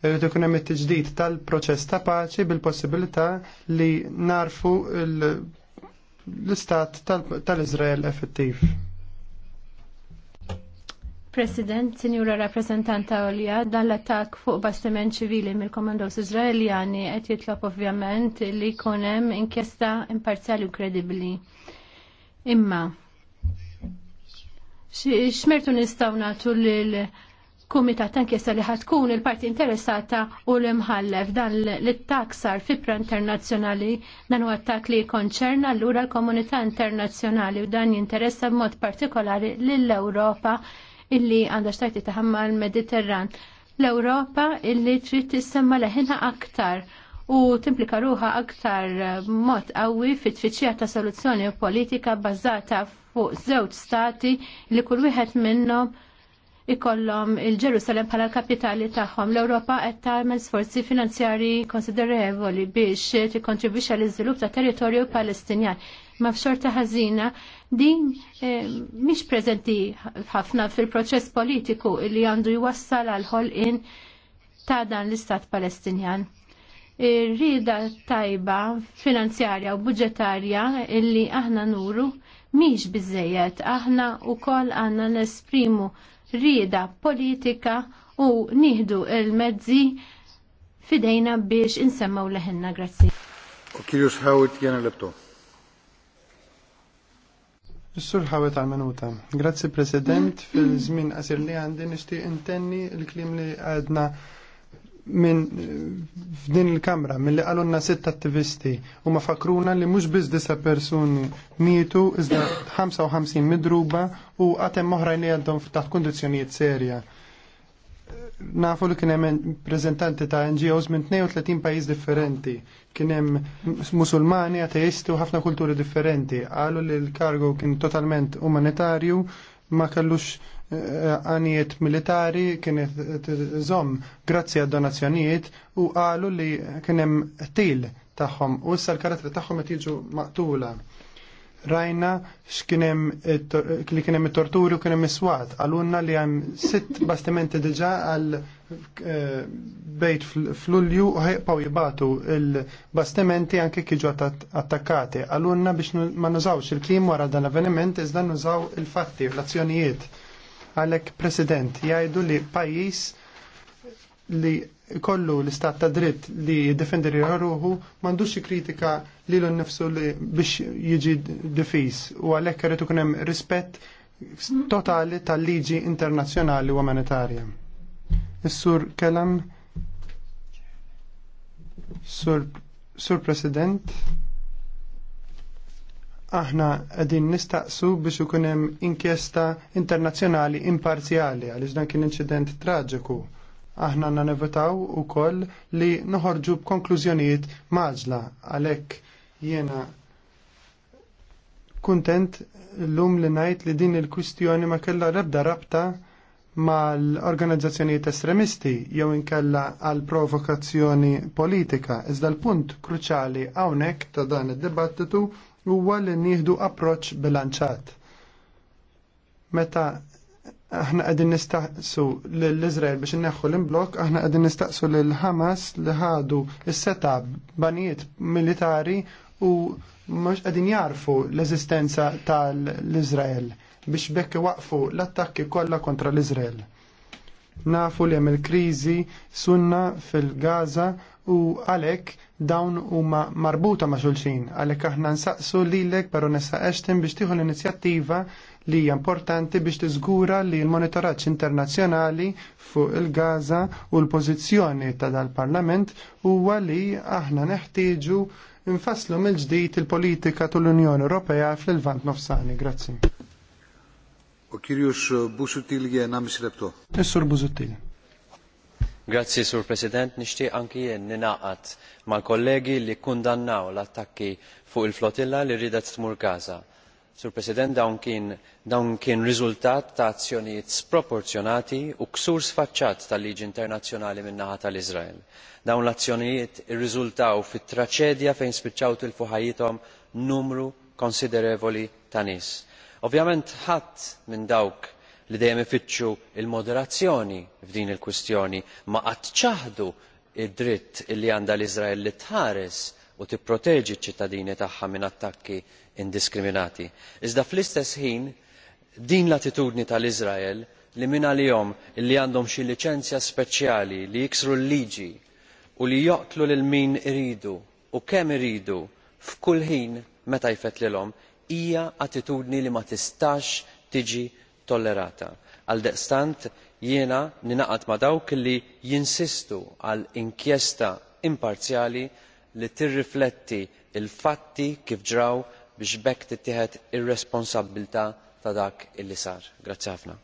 Irrid ikun hemm it-tiġdid tal-proċess ta' paċi bil-possibilità li narfu l-istat tal-Iżrael effettiv. President, Sinjura Rappresentanta Olja, dan l-attak fuq bastiment ċivili mill-Komandos Izraeljani qed jitlob ovvjament li jkun hemm inkjesta imparzjali u kredibbli. Imma x'mertu nistgħu nagħtu lil kumitat tankjesta li ħatkun il-parti interessata u l-imħallef dan l t-taqsar fibra internazzjonali dan u attak li konċerna l-ura l-komunità internazzjonali u dan jinteressa b'mod partikolari l-Europa illi għandha xtajti taħamma l-Mediterran. L-Europa illi trid tissemma leħinha aktar u timplika ruħa aktar mod qawwi fit-tfittxija ta' soluzzjoni politika bazzata fuq żewġ stati li kull wieħed minnhom ikollhom il-Ġerusalem bħala l-kapitali tagħhom. L-Ewropa qed tagħmel sforzi finanzjarji konsiderevoli biex tikkontribwix għall iżvilupp ta' territorju Palestinjan. Ma f'xorta ħażina din eh, mhix preżenti ħafna fil-proċess politiku li għandu jwassal għal ħolqien ta' dan l-Istat Palestinjan. Ir-rida tajba finanzjarja u budġetarja illi aħna nuru mhix bizzejet, aħna u għandna għanna nesprimu rieda politika u nieħdu il-mezzi fidejna biex insemmaw leħenna grazzi. kirjus ħawit jena lebtu. Is-sur ħawet għal minuta. Grazzi President, *clears throat* fil-żmien qasir li għandin nixtieq intenni l-klim li għadna minn f'din il-kamra mill-li għalunna sitt attivisti u ma fakruna li mhux biss disa persuni mietu iżda 55 midruba u għatem moħrajn li għaddhom taħt kondizjoniet serja. Nafu li kien hemm preżentanti ta' NGOs minn 32 pajjiż differenti. Kien hemm musulmani, ateisti u ħafna kulturi differenti. Qalu li l-kargo kien totalment umanitarju ma kellux għanijiet militari kienet zom grazzi għad donazzjonijiet u għalu li kienem til taħħom u issa l-karatri taħħom qed jiġu maqtula. Rajna x'kienem li kienem it-torturi u kienem iswat. Għalunna li hemm sitt bastimenti diġà għal eh, bejt fl-ulju u ħejqpaw jibatu il-bastimenti anke kiġu attakkati. Għalunna biex ma nużawx il-klim wara dan avveniment iżda nużaw il-fatti, l-azzjonijiet Għalhekk President jgħidu li pajjiż li kollu l-istat ta' dritt li jiddefenderi ruħu m'għandux kritika li l-nifsu li biex jiġi difiż u għalhekk irid ikun hemm rispett totali tal-liġi internazzjonali u umanitarja. Is-sur Kellam Sur, Sur President aħna qegħdin nistaqsu biex ikun hemm inkjesta internazzjonali imparzjali għaliex dan kien inċident traġiku. Aħna għandna u ukoll li noħorġu b'konklużjonijiet maġla għalhekk jiena kuntent l-lum li ngħid li din il-kwistjoni ma kellha rebda rabta mal-organizzazzjonijiet estremisti jew inkella għal provokazzjoni politika. Iżda l-punt kruċali hawnhekk ta' dan id-dibattitu huwa li nieħdu approċċ bilanċat. Meta aħna qegħdin nistaqsu lill-Iżrael biex inneħħu l-imblok, aħna qegħdin nistaqsu lil Hamas li ħadu s-seta banijiet militari u mhux qegħdin jarfu l-eżistenza tal-Iżrael biex bekk waqfu l-attakki kollha kontra l-Iżrael. Nafu li hemm il-kriżi sunna fil-Gaza u għalhekk dawn huma marbuta ma' xulxin, għalhekk aħna nsaqsu lilek unessa Ashton biex tieħu l-inizjattiva li hija importanti biex tiżgura li l-monitoraġġ internazzjonali fuq il-Gaza u l-pożizzjoni ta' dal-Parlament huwa li aħna neħtieġu nfasslu mill-ġdid il-politika tal-Unjoni Ewropea fl-Lvant Nofsani. Grazzi. U kirjux Busutil jena mis Is-sur Busutil. Grazzi, Sur President. Nixtieq anki jien ninaqat mal-kollegi li kundannaw l-attakki fuq il-flotilla li ridet tmur Gaza. Sur President, dawn kien, dawn kien riżultat ta' azzjonijiet sproporzjonati u ksur sfaċċat tal-liġi internazzjonali min-naħa tal-Iżrael. Dawn l-azzjonijiet irriżultaw fit-traċedja fejn spiċċaw til fuħajitom numru konsiderevoli ta' nies. Ovvjament ħadd minn dawk li dejjem ifittxu l moderazzjoni f'din il-kwistjoni ma qatt ċaħdu d dritt li għandha l-iżrael li tħares u tipproteġi ċ-ċittadini tagħha minn attakki indiskriminati. Iżda fl-istess ħin din l-attitudni tal-Iżrael li minn għalihom li għandhom xi liċenzja speċjali li jiksru l-liġi u li joqtlu lil min iridu u kemm iridu f'kull ħin meta jfetlilhom hija attitudni li ma tistax tiġi tollerata. Għaldeqstant, jiena ninaqat ma' dawk li jinsistu għal inkjesta imparzjali li tirrifletti l fatti kif ġraw biex bekk tittieħed ir-responsabbiltà ta' dak illi sar. Grazzi ħafna.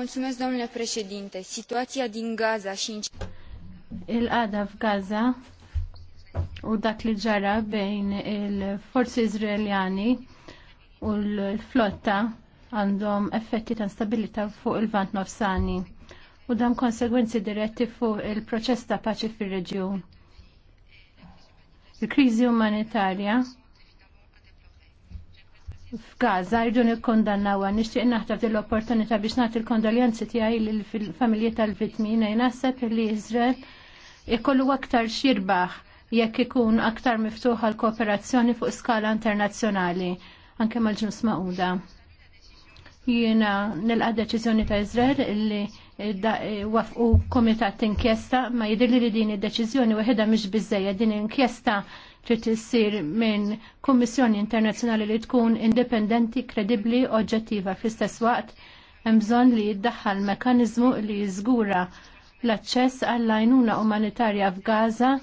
Mulțumesc, domnule președinte. Situația din Gaza și Il-qada f'Gaza u dak li ġara bejn il-forzi Izraeljani u l-flotta għandhom effetti ta' stabilita fuq il-vant nofsani u dan konsegwenzi diretti fuq il-proċess ta' paċi fir-reġjun. Il-kriżi umanitarja f'Gaza rridu nikkondannawa nixtieq naħtar din l-opportunità biex nagħti l-kondoljanzi tiegħi lill-familji tal-vittmi ngħid naħseb li Iżrael ikollu aktar xirbaħ jekk ikun aktar miftuħa l-kooperazzjoni fuq skala internazzjonali, anke mal-ġnus ma'uda. Jiena nilqa' deċiżjoni ta' Izrael li wafqu komitat inkjesta ma jidirli li din id-deċiżjoni waħedha mhix biżejja din inkjesta trid issir minn Kummissjoni Internazzjonali li tkun indipendenti, kredibbli, oġġettiva fl-istess waqt hemm bżonn li jiddaħħal mekkaniżmu li jiżgura l-aċċess għall-għajnuna umanitarja f'Gaza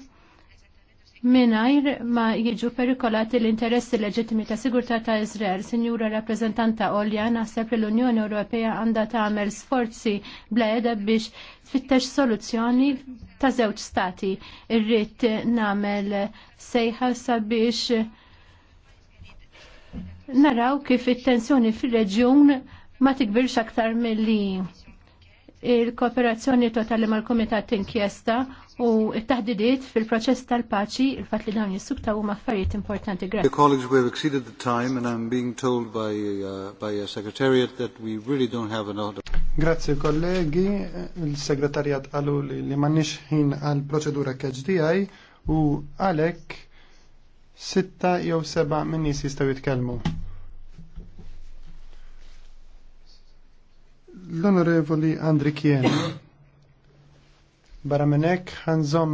Minajr ma jiġu perikolati l-interessi leġittimi ta' sigurtà ta' Izrael, Sinjura Rappreżentanta Olja, naħseb li l-Unjoni Ewropea għandha tagħmel sforzi bleda biex tfittex soluzzjoni ta' żewġ stati. Irrid nagħmel sejħa sabiex naraw kif it-tensjoni fir-reġjun ma tikbirx aktar milli il-kooperazzjoni totali mal-Komitat t inkjesta u it-taħdidiet fil-proċess tal-paċi il-fat li dawn jissubtaw u maffariet importanti. Grazie. colleagues, we have exceeded the time and I'm being told by, uh, by a secretariat that we really don't have an order. Grazie kollegi, il segretariat għalu li mannix ħin għal-proċedura KHDI u għalek sitta jew seba' minnis jistaw jitkellmu. l-Onorevoli Andri Kien. Barra minnek għanżom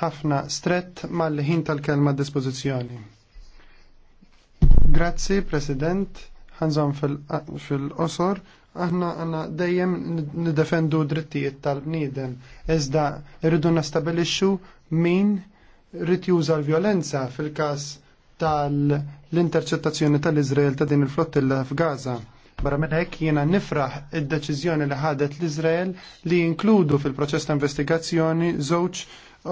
ħafna strett mal-ħin tal-kelma dispozizjoni. Grazzi, President, għanżom fil-qosor, aħna għanna dejjem nidefendu drittijiet tal-bniedem. Iżda rridu nastabilixxu min rrid juża l-vjolenza fil-każ tal-interċettazzjoni tal-Iżrael ta' din il-flottilla f'Gaza akbar minn hekk jiena nifraħ id-deċiżjoni li ħadet l-Iżrael li jinkludu fil-proċess ta' investigazzjoni żewġ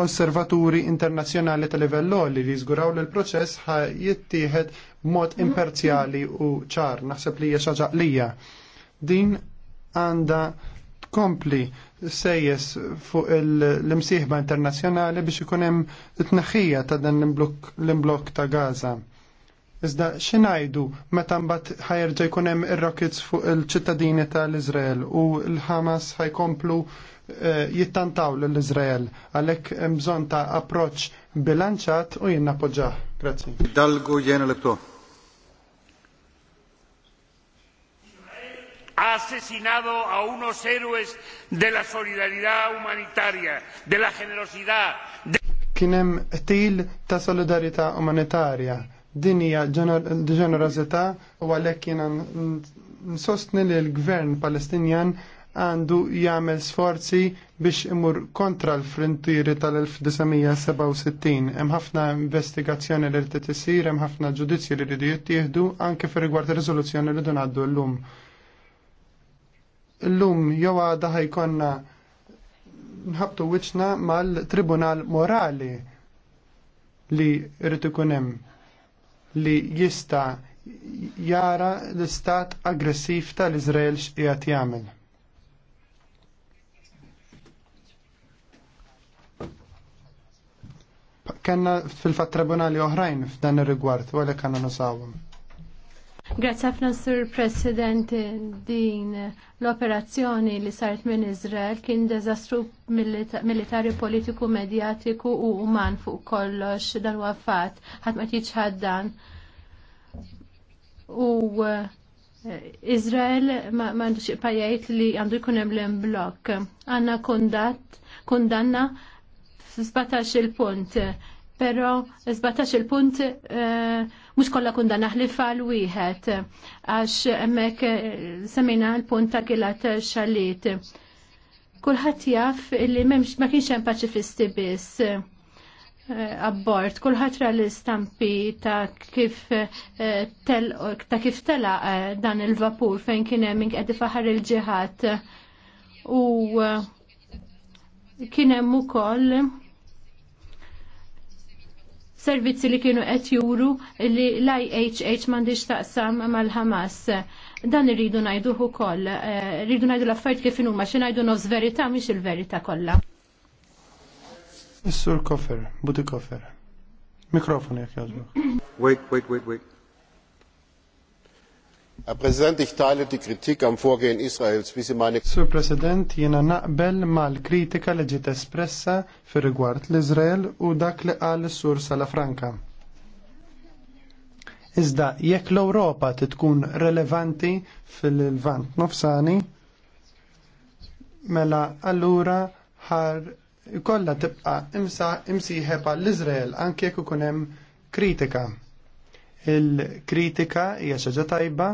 osservaturi internazzjonali ta' livell li li jiżguraw li l-proċess ħa jittieħed b'mod imparzjali u ċar naħseb li hija xi ġaqlija. Din għandha tkompli sejjes fuq l-imsieħba internazzjonali biex ikun hemm t tnaħħija ta' dan l-imblok ta' Gaza. Iżda xinajdu meta mbagħad ħajerġa' jkun hemm ir-rockets fuq il-ċittadini tal-Iżrael u l-Ħamas ħajkomplu eh, jittantaw l iżrael għalhekk hemm bżonn ta' approċċ bilanċat u jien appoġġaħ. Grazzi. Dalgu jena l-ibtu. Ha asesinado a unos héroes de la solidaridad humanitaria, de la generosidad. De... Kinem til ta' solidarita humanitaria. Din hija ġenerożità u għalhekk jiena nsostni li l-gvern Palestinjan għandu jagħmel sforzi biex imur kontra l frintiri tal-1967. Hemm ħafna investigazzjoni li rrid isir, hemm ħafna ġudizzji li rridu jittieħdu anke fir-rigward ir-riżoluzzjoni li għaddu llum. Llum jew għadha ħajkonna nħabtu wiċċna mal-tribunal morali li rrid ikun hemm li jista jara l-istat aggressiv tal-Izrael x'qiegħed jagħmel. Kenna fil-fat tribunali oħrajn f'dan ir-rigward, u għalhekk għandna nusawhom. Grazie ħafna Sur President din l-operazzjoni li sart minn Izrael kien deżastru militari politiku medjatiku u uman fuq kollox dan wafat ħadd ma ħaddan U eh, Izrael ma għandux pajajt li għandu jkun hemm l-imblok. Għandna kundat kundanna 17 il-punt, però 17 il-punt uh, mux kolla kundan naħlifa l-wieħed, għax eh, emmek semina l-punt ta' kilat xalit. Kulħat jaff li ma kienx hemm paċifisti biss eh, abbord, kulħat ra l-istampi ta' kif eh, ta' kif tela dan il-vapur fejn kien hemm qed faħar il-ġihad u kien hemm ukoll servizzi li kienu qed juru li l-IHH m'għandix taqsam mal-Hamas. Dan irridu ngħidu ukoll, eh, rridu ngħidu l-affarijiet kif huma xi ngħidu nofs verità mhix il-verità kollha. Is-sur kofer, Budi kofer. Mikrofon jekk jogħġbok. Wait, wait, wait, wait. Sur President, jiena naqbel mal-kritika li ġiet espressa fir rigward l-Izrael u dak li qal is-Sur Franka. Iżda jekk l-Ewropa tkun relevanti fil vant nofsani, mela allura ħar kollha tibqa' imsa imsieħeb għall-Iżrael anke jekk ikun hemm kritika il-kritika hija xaġa tajba,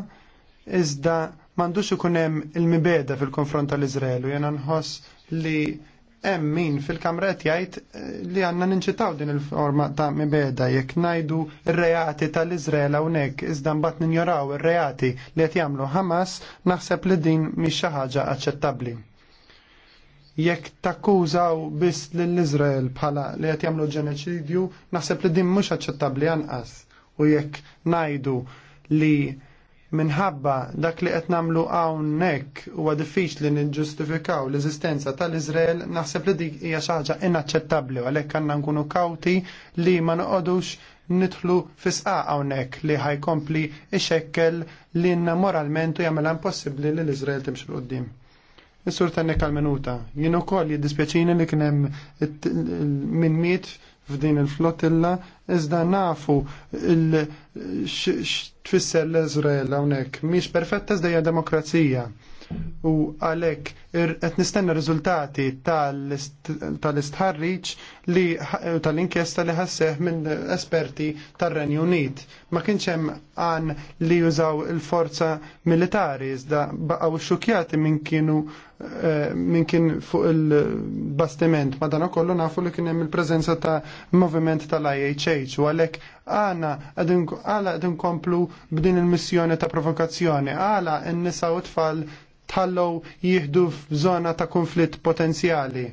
iżda m'għandux ikun hemm il-mibeda fil-konfront tal-Iżrael u jiena nħoss li hemm min fil-kamra qed jgħid eh, li għandna ninċitaw din il-forma ta' mibeda jekk ngħidu r-reati tal-Iżrael hawnhekk iżda mbagħad ninjoraw ir-reati li qed jagħmlu Hamas naħseb li din mhix xi ħaġa aċċettabbli. Jekk takkużaw biss lill-Iżrael bħala li qed jagħmlu ġeneċidju, naħseb li din mhux aċċettabbli anqas u jekk najdu li minħabba dak li qed nagħmlu hawnhekk huwa diffiċli niġġustifikaw l-eżistenza tal-Iżrael naħseb li dik hija xi ħaġa inaċċettabbli għalhekk għandna nkunu kawti li ma noqogħdux nidħlu fisqa hawnhekk li ħajkompli ixekkel lilna moralment u jagħmel impossibbli li l-Iżrael timxi l-qudiem. Is-sur tannek għal-minuta. Jien ukoll jiddispjaċini li kien hemm min miet f'din il-flotilla, iżda nafu tfisser l-Izrael hawnhekk mhix perfetta iżda demokrazija. U għalhekk qed nistenna riżultati tal-istħarriġ li tal-inkjesta li ħasseħ minn esperti tar-Renju Unit. Ma kienx hemm għan li jużaw il-forza militari iżda baqgħu xukjati minn kienu eh, minn kien fuq il-bastiment. Ma dan kollu nafu li kien hemm il-preżenza ta' moviment tal-IHH u għalhekk għana għadin komplu b'din il-missjoni ta' provokazzjoni. Għala n-nisa u tfal tħallow jihdu f'żona ta' konflitt potenzjali.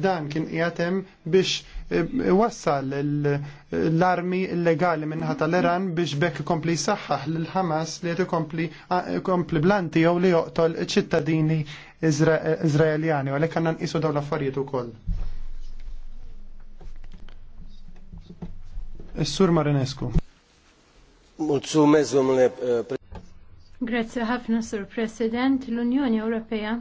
Dan kien jatem biex eh, wassal l-armi illegali minnħat tal-Iran biex bekk kompli saħħaħ l-Hamas li jtu kompli eh, blanti jew li joqtol ċittadini Izraeljani, għalek għannan nqisu daw l-affarijiet u koll. Is-Sur Marinescu. Mutsu mezzum le Grazzi ħafna, Sur President, l-Unjoni Ewropea.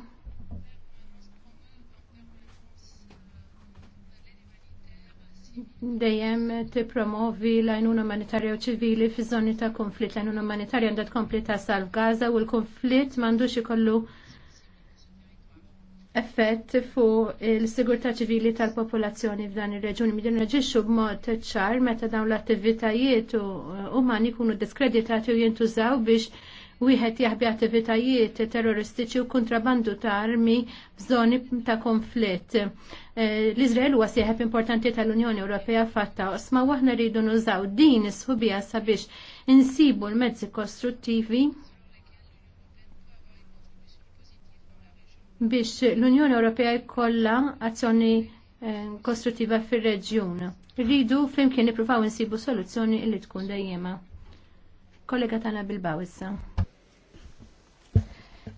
dejjem tippromovi l-għajnuna umanitarja u ċivili fi żoni ta' konflitt. L-għajnuna umanitarja għandha tkompli ta' salv Gaza u l-konflitt m'għandux ikollu effett fu l-sigurtà ċivili tal-popolazzjoni f'dan ir-reġuni. Midin reġixxu b'mod ċar meta dawn l-attivitajiet u umani jkunu diskreditati u jintużaw biex wieħed jaħbi attivitajiet terroristiċi u kontrabandu ta' armi f'żoni ta' konflitt. Eh, L-Izrael huwa sieħeb importanti tal-Unjoni Ewropea fatta osma waħna rridu nużaw din is subija sabiex insibu l-mezzi kostruttivi biex l-Unjoni Ewropea jkollha azzjoni eh, kostruttiva fir-reġjun. Rridu flimkien nippruvaw insibu soluzzjoni li tkun dejjema. Kollega tagħna bil issa.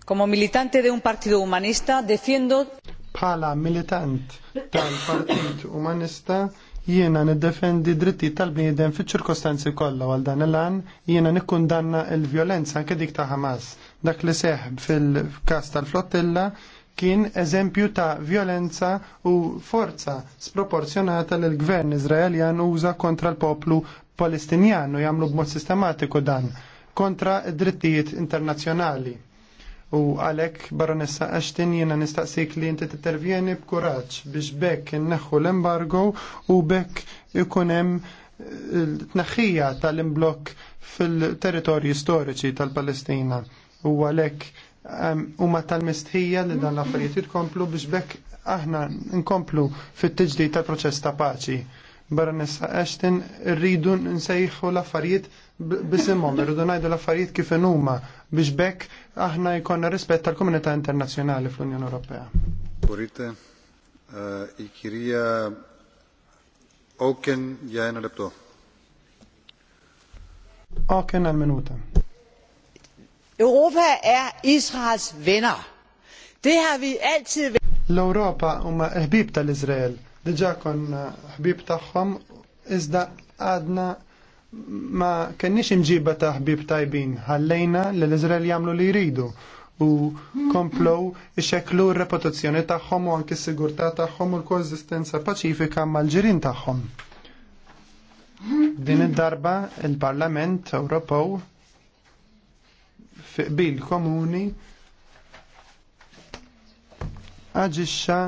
Como militante de un partido humanista defiendo Pala militant tal-Partit Umanista jiena niddefendi dritti tal-bniedem fi ċirkostanzi kollha għal dan il an jiena nikkundanna l-vjolenza anke dik ta' Hamas. Dak li seħ fil-kas tal-flottilla kien eżempju ta' violenza u forza sproporzjonata li l-gvern Izraeljan uża kontra l-poplu Palestinjan u jagħmlu b'mod sistematiku dan kontra d-drittijiet internazzjonali. U għalek, baronessa Ashton, jena nistaqsik li inti t-intervjeni b'kuraċ biex bekk inneħħu l-embargo u bekk ikunem eh, t-naħħija tal-imblok fil-territorji storiċi tal-Palestina. U għalek, u ma tal-mistħija li dan l-affarijiet jitkomplu biex bekk aħna nkomplu fit tġdi tal-proċess ta' paċi. Baronessa Ashton, rridu nsejħu l-affarijiet bisimhom, irridu ngħidu l-affarijiet kif inhuma biex bekk aħna jkonna rispetta l komunità internazjonali fl-Unjoni Ewropea. Burite, eh, ikirija Oken jajna lebto. Oken al minuta. Europa er Israels venner. Det har vi altid L-Europa huma ħbib tal-Izrael. Diġà konna ħbib tagħhom iżda għadna ma kenniex imġiba ta' ħbib tajbin, ħallejna li l-Izrael jagħmlu li jridu u komplow ixeklu r-reputazzjoni tagħhom u anke s-sigurtà tagħhom u l-kożistenza paċifika mal-ġirien tagħhom. Din id-darba il-Parlament Ewropew fi komuni aġixxa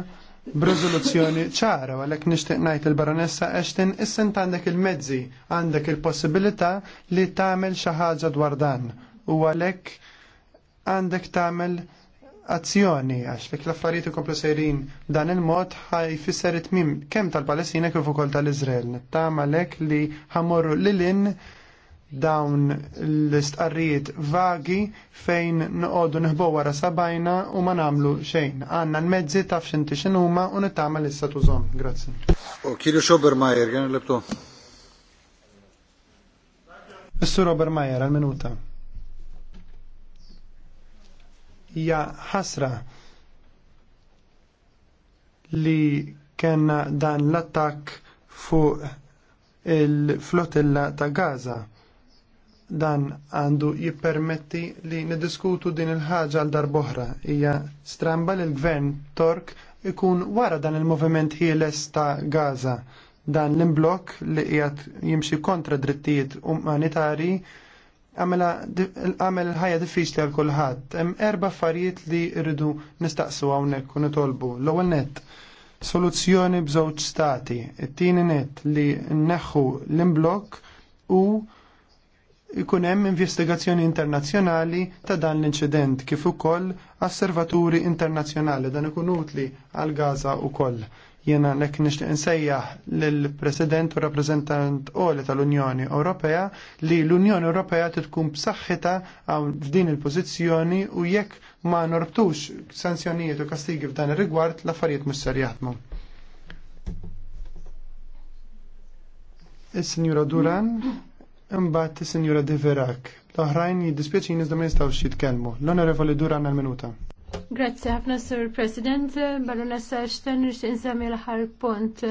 b'riżoluzzjoni ċara, għalhekk nixtieq ngħid il-Baronessa Ashton issent għandek il-mezzi, għandek il-possibilità li tagħmel xi ħaġa dwar dan u għalhekk għandek tagħmel azzjoni għax fik l-affarijiet ikomplu sejrin dan il-mod ħajfisser it-tmim kemm tal-Palestina kif ukoll tal-Iżrael. Tagħmel għalhekk li ħamorru lilin dawn l-istqarrijiet vagi fejn noqogħdu nħbow wara sabajna u ma nagħmlu xejn. Għandna l-mezzi taf xinti huma u nittama' issa tużhom. Grazzi. U kienu Obermajer kien lebtu. Is-sur Obermajer għal-minuta. Ja ħasra li kena dan l-attak fuq il-flotilla ta' Gaza dan għandu jippermetti li niddiskutu din il-ħaġa għal darboħra. Hija stramba li l-gvern Tork ikun wara dan il-moviment ħieles ta' Gaza. Dan l-imblok li qiegħed jimxi kontra drittijiet umanitari għamel ħajja diffiċli għal kulħadd. Hemm erba' affarijiet li rridu nistaqsu hawnhekk u nitolbu. L-ewwel nett soluzzjoni b'żewġ stati, it-tieni nett li nneħħu l-imblok u ikun hemm investigazzjoni internazzjonali ta' dan l-inċident kif ukoll osservaturi internazzjonali dan ikun utli għal Gaza ukoll. Jena nek nixtieq insejjaħ lill-President u rappreżentant qoli tal-Unjoni Ewropea li l-Unjoni Ewropea titkun b'saħħitha hawn f'din il-pożizzjoni u jekk ma norbtux sanzjonijiet u kastigi f'dan ir-rigward l-affarijiet mhux ser jaħdmu. Is-Sinjura Duran, Imbagħad is-Sinjura Deverak, L-oħrajn jiddispjaċin iżda jistgħu jistgħux jitkellmu. L-Onorevoli Dura għandna l-minuta. Grazzi ħafna Sur President, Baronessa Ashton nixtieq insemmi l-aħħar punt.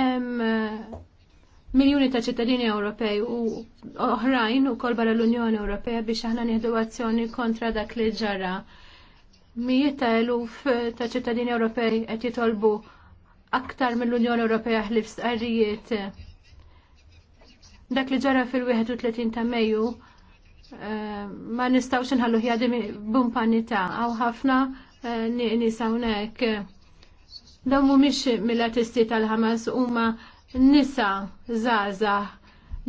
Eh, miljuni ta' ċittadini Ewropej u oħrajn ukoll barra l-Unjoni Ewropea biex aħna nieħdu azzjoni kontra dak li ġara. Mijiet ta' eluf ta' ċittadini Ewropej qed jitolbu aktar mill-Unjoni Ewropea ħlif sqarrijiet Dak li ġara fil-31 ta' Mejju eh, ma nistawx nħallu ħjadim bumpanita għaw ħafna eh, nis hawnhekk. Daw mhumiex mill-artisti tal-Ħamas huma nisa zaza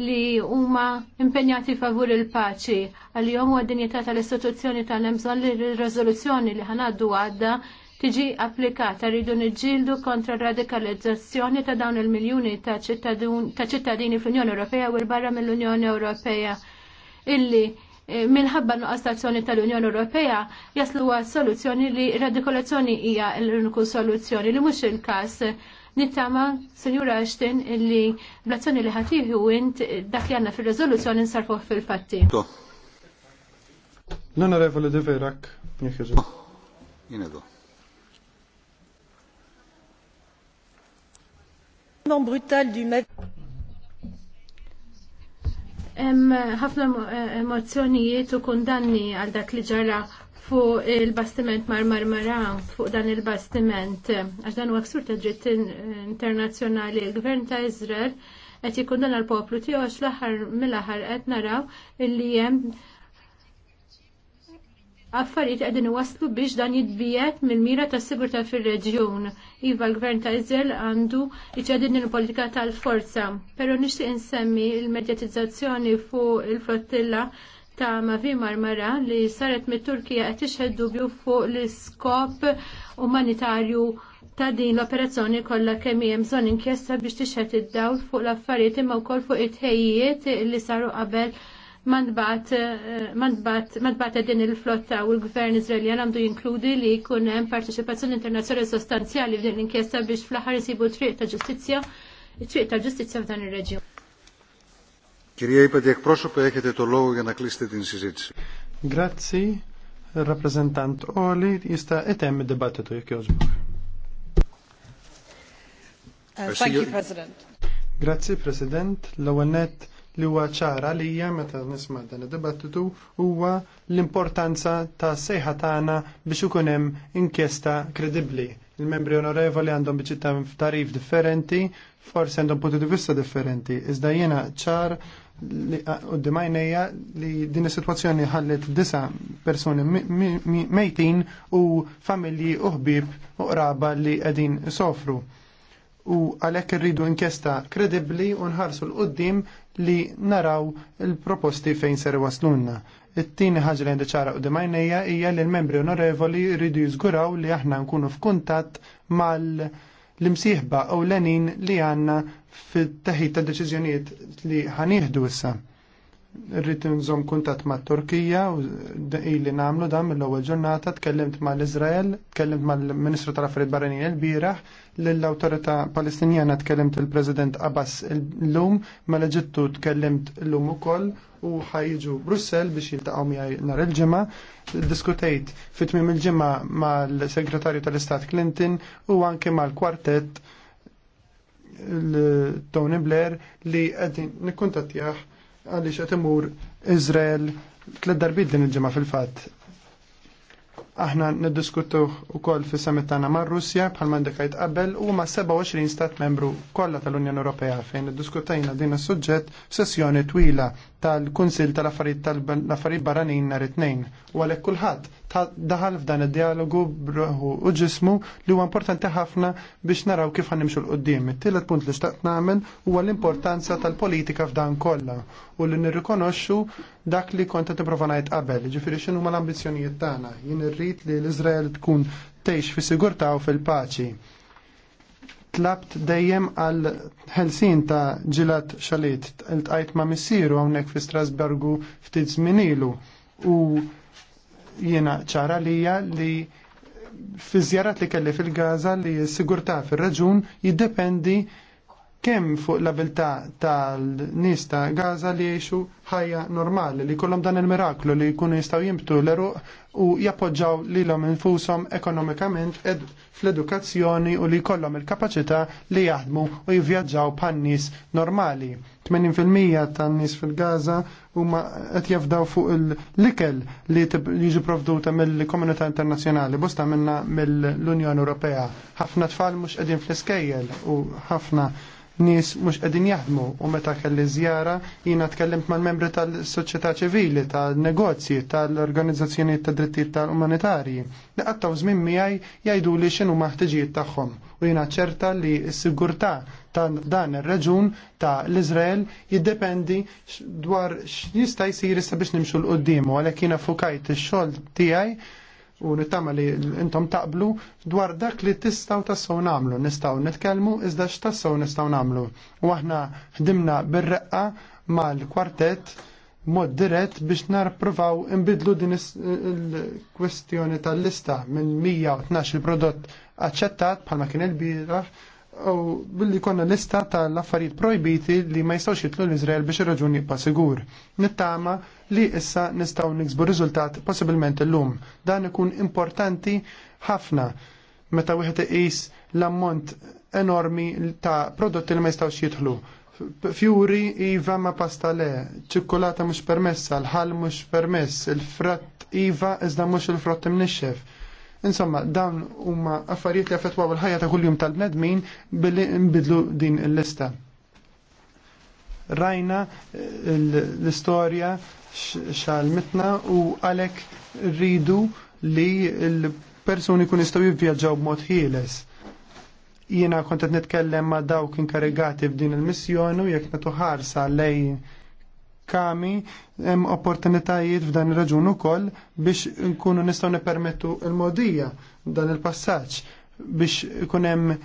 li huma impenjati favur il-paċi għal-jom u għad-dinjità tal-istituzzjoni tal-hemm li r-riżoluzzjoni li ħanaddu għadda tiġi applikata rridu niġġieldu kontra radikalizzazzjoni ta' dawn il miljoni ta' ċittadini fl-Unjoni Ewropea u l-barra mill-Unjoni Ewropea illi eh, minħabba nuqqas tazzjoni tal-Unjoni Ewropea jaslu għas soluzzjoni li radikolazzjoni hija l-uniku soluzzjoni li mhux il-każ nittama, Senjura Ashton, illi blazzjoni li ħatiħu int eh, dak janna fil-rezoluzzjoni nsarfuħ fil-fatti. L-Onorevole De Verac, jieħġu. Jieħġu. brutal du ħafna eh, emozjonijiet u kundanni għal dak li ġara fuq il-bastiment mar marmara fuq dan il-bastiment għax dan huwa ksur ta' dritt internazzjonali il-gvern ta' Izrael qed jikkundanna l-poplu tiegħu għax l-aħħar mill-aħħar qed naraw illi hemm affarijiet qegħdin waslu biex dan jitbiet mill-mira tas sigurtà fir-reġjun. Iva l-gvern ta' Iżrael għandu iċedin il-politika tal-forza. Però nixtieq insemmi l medjatizzazzjoni fuq il-flottilla ta' Mavi Marmara li saret mit-Turkija qed tixħed dubju fuq l-iskop umanitarju ta' din l-operazzjoni kollha kemm hemm bżonn inkjesta biex tixħed id-dawl fuq l-affarijiet imma wkoll fuq it ħejjiet li saru qabel madbat eh, din il-flotta u l-gvern Izraeljan għandu jinkludi li jkun hemm parteċipazzjoni internazzjonali sostanzjali f'din l-inkjesta biex fl-aħħar isibu triq ta' ġustizzja, triq ta' ġustizzja f'dan ir-reġjun. Kirija jibad proxu pa jek jtet logu jena klisti din sizitz. Grazzi, rappresentant Oli, jista etem id-debattitu jek jozbu. Uh, thank you, President. Grazzi, President. L-għonet li huwa ċara li hija meta nisma' dan id-dibattitu huwa l-importanza ta' sejħa tagħna biex ikun hemm inkjesta kredibbli. Il-membri onorevoli għandhom biċitta tarif differenti, forsi għandhom punti di vista differenti, iżda jiena ċar li qudiem għajnejja li din is-sitwazzjoni ħallet disa persuni mejtin u familji u ħbieb u qraba li qegħdin sofru. U għalhekk irridu inkjesta kredibbli u nħarsu l-qoddim li naraw il-proposti fejn ser waslunna. It-tieni ħaġa li għandi ċara u demajnija hija li l-membri onorevoli rridu jiżguraw li aħna nkunu f'kuntatt mal imsieħba u l-enin li għanna fit-teħid ta' deċiżjonijiet li ħanieħdu issa rrid nżomm kuntatt ma' turkija u li nagħmlu dam mill-ewwel ġurnata tkellimt mal izrael tkellimt mal-Ministru tal-Affarijiet Barranin il-bieraħ, lill-Awtorità Palestinjana tkellimt il-President Abbas ma' mela mal-Eġittu tkellimt l ukoll u ħajġu Brussel biex jiltaqgħu mija nhar il-ġimgħa. Diskutejt fitmim il il-ġimgħa mal-Segretarju tal-Istat Clinton u anke mal-kwartett Tony Blair li qegħdin jgħah għaliex qed imur Izrael tliet darbit din il-ġimgħa fil-fatt. Aħna niddiskutuh ukoll fis summit tagħna mar-Russja bħal Mandekajt qabel u ma' 27 stat membru kollha tal-Unjoni Ewropea fejn iddiskutajna din is-suġġett f'sessjoni twila tal kunsil tal-Affarijiet tal-Affarijiet Barranin nhar it-tnejn u għalhekk kulħadd daħal f'dan id-dialogu b'ruħu u ġismu li huwa importanti ħafna biex naraw kif ħanimxu l-qoddim. It-tielet punt li xtaqt nagħmel huwa l-importanza tal-politika f'dan kollha u li nirrikonoxxu dak li kont qed nipprova ngħid qabel. Ġifieri x'inhu huma l-ambizzjonijiet tagħna. Jien irrid li l-Iżrael tkun tgħix fis-sigurtà u fil-paċi. Tlabt dejjem għal ħelsin ta' ġilat xalit, il-tqajt ma' missieru hawnhekk fi Strasburgu ftit żminilu u jiena ċara lija li fi żjarat li kelli fil-Gaza li s-sigurtà fir-raġun jiddependi kemm fuq l-abilità tal-nies ta' Gaza li jiexu ħajja normali, li kollhom dan il-miraklu li jkunu jistgħu jimbtu l-eruq u jappoġġaw lilhom infushom ekonomikament ed fl-edukazzjoni u li jkollhom il-kapaċità li jaħdmu u jivvjaġġaw bħal nies normali. 80% tan-nies fil-Gaza huma qed jafdaw fuq l-ikel li jiġu provduta mill-komunità internazzjonali, bosta minna mill-Unjoni Ewropea. Ħafna tfal mhux qegħdin fl-iskejjel u ħafna nies mhux qegħdin jaħdmu u meta kelli żjara jiena tkellimt mal-membri tal-soċjetà ċivili, tal-negozji, tal-organizzazzjonijiet ta' drittijiet tal-umanitarji. Li għattaw żmien miegħi jgħidu li x'inhu ħtiġijiet tagħhom u jina ċerta li s-sigurtà ta' dan ir reġun ta' l-Iżrael jiddependi dwar x'jista' jsir issa biex nimxu l-qudiem u għalhekk jiena fukajt ix-xogħol tiegħi u nittama li intom taqblu dwar dak li tistaw tassaw namlu, nistaw nitkelmu iżda x-tassaw nistaw namlu. U aħna ħdimna bir-reqqa mal-kwartet mod dirett biex narprovaw imbidlu din il-kwestjoni tal-lista minn 112 prodott aċċettat bħalma kien il bira u billi konna lista tal-affarijiet projbiti li ma jistawx jitlu l-Izrael biex ir-raġuni jibqa' sigur. Nittama li issa nistaw niksbu riżultat possibilment illum. Dan ikun importanti ħafna meta wieħed iqis l-ammont enormi ta' prodotti li ma jistawx jidħlu. Fjuri iva ma pasta le, ċikkolata mhux permessa, l-ħal mhux permess, il-fratt iva iżda mhux il-frott imnixxef. Insomma, dawn huma affarijiet li affettwaw il-ħajja ta' kuljum tal-bnedmin billi nbidlu din il-lista. Rajna eh, l-istorja x'all-mitna u għalek rridu li l-persuni kun jistaw jivvjaġġaw b'mod ħieles. Jiena kontet nitkellem ma' dawk inkarigati f'din il-missjoni jekk natu ħarsa lejn kami hemm opportunitajiet f'dan ir-raġun ukoll biex nkunu nistgħu nippermettu l-modija dan il-passaġġ biex ikun hemm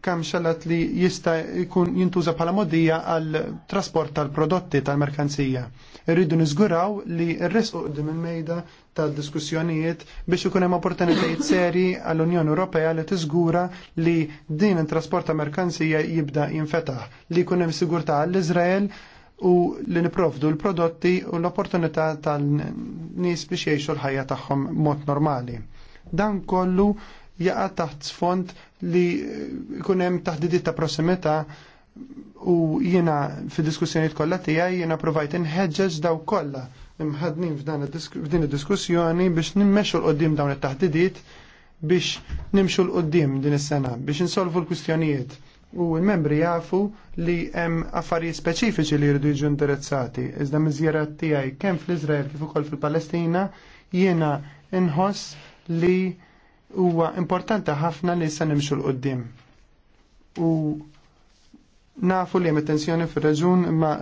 kam xalat li jista jkun jintuża bħala modija għal trasport tal-prodotti tal-merkanzija. Irridu niżguraw li r-res uqdim il-mejda tal diskussjonijiet biex ikun hemm opportunitajiet seri għall-Unjoni Ewropea li tiżgura li din it-trasport ta' merkanzija jibda jinfetaħ, li jkun hemm sigurtà għall-Iżrael u li niprofdu l-prodotti u l-opportunità tal-nies biex jgħixu l-ħajja tagħhom mod normali. Dan kollu jaqa' taħt sfond li jkun hemm ta' prossimità u jiena fi diskussjoniet kollha tiegħi jiena provajt inħeġġeġ daw kollha imħadnin f'din id-diskussjoni biex nimmexxu l-qoddim dawn it-taħdidiet biex nimxu l-qoddim din is-sena biex insolvu l-kwistjonijiet. U l-membri jafu li hemm affarijiet speċifiċi li jridu jiġu interessati, Iżda miżjara tiegħi kemm fl-Iżrael kif ukoll fil-Palestina jiena inħoss li huwa importanti ħafna li se nimxu l qoddim U nafu li hemm tensjoni fir-raġun ma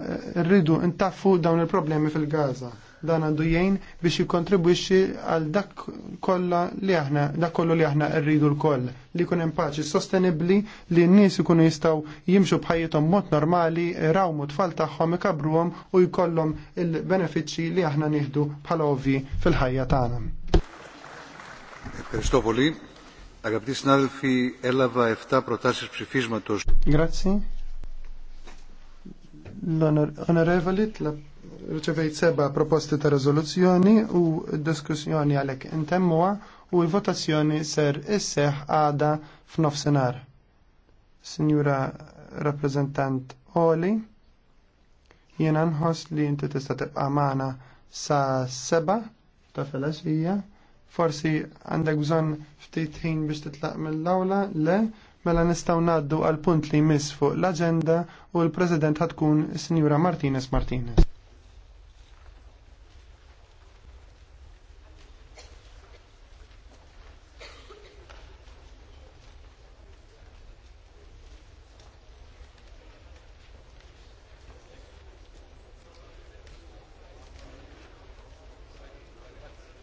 rridu ntaffu dawn il-problemi fil-Gaza. Dan għandu jgħin biex jikkontribwixxi għal dak kollha li aħna dak kollu li aħna rridu l-koll li jkun hemm paċi sostenibbli li n-nies ikunu jistgħu jimxu bħajjithom mod normali, rawmu tfal tagħhom ikabruhom u jkollhom il-benefiċċji li aħna nieħdu bħala ovvi fil-ħajja tagħna. Ευχαριστώ Αγαπητοί συνάδελφοι, έλαβα 7 προτάσεις ψηφίσματος. Grazie. L-onorevoli rċevejt seba proposti ta' rezoluzzjoni u diskussjoni għalek intemmuwa u l-votazzjoni ser isseħ għada f'nofsenar. Signora rappresentant Oli, jena nħoss li inti tista' tibqa' sa' seba ta' filgħaxija Forsi għandek bżonn ftit ħin biex titlaq mill-awla? Le, mela nistgħu ngħaddu għal punt li jmiss fuq l-aġenda u l-President ħatkun Sinjura Martinez Martinez.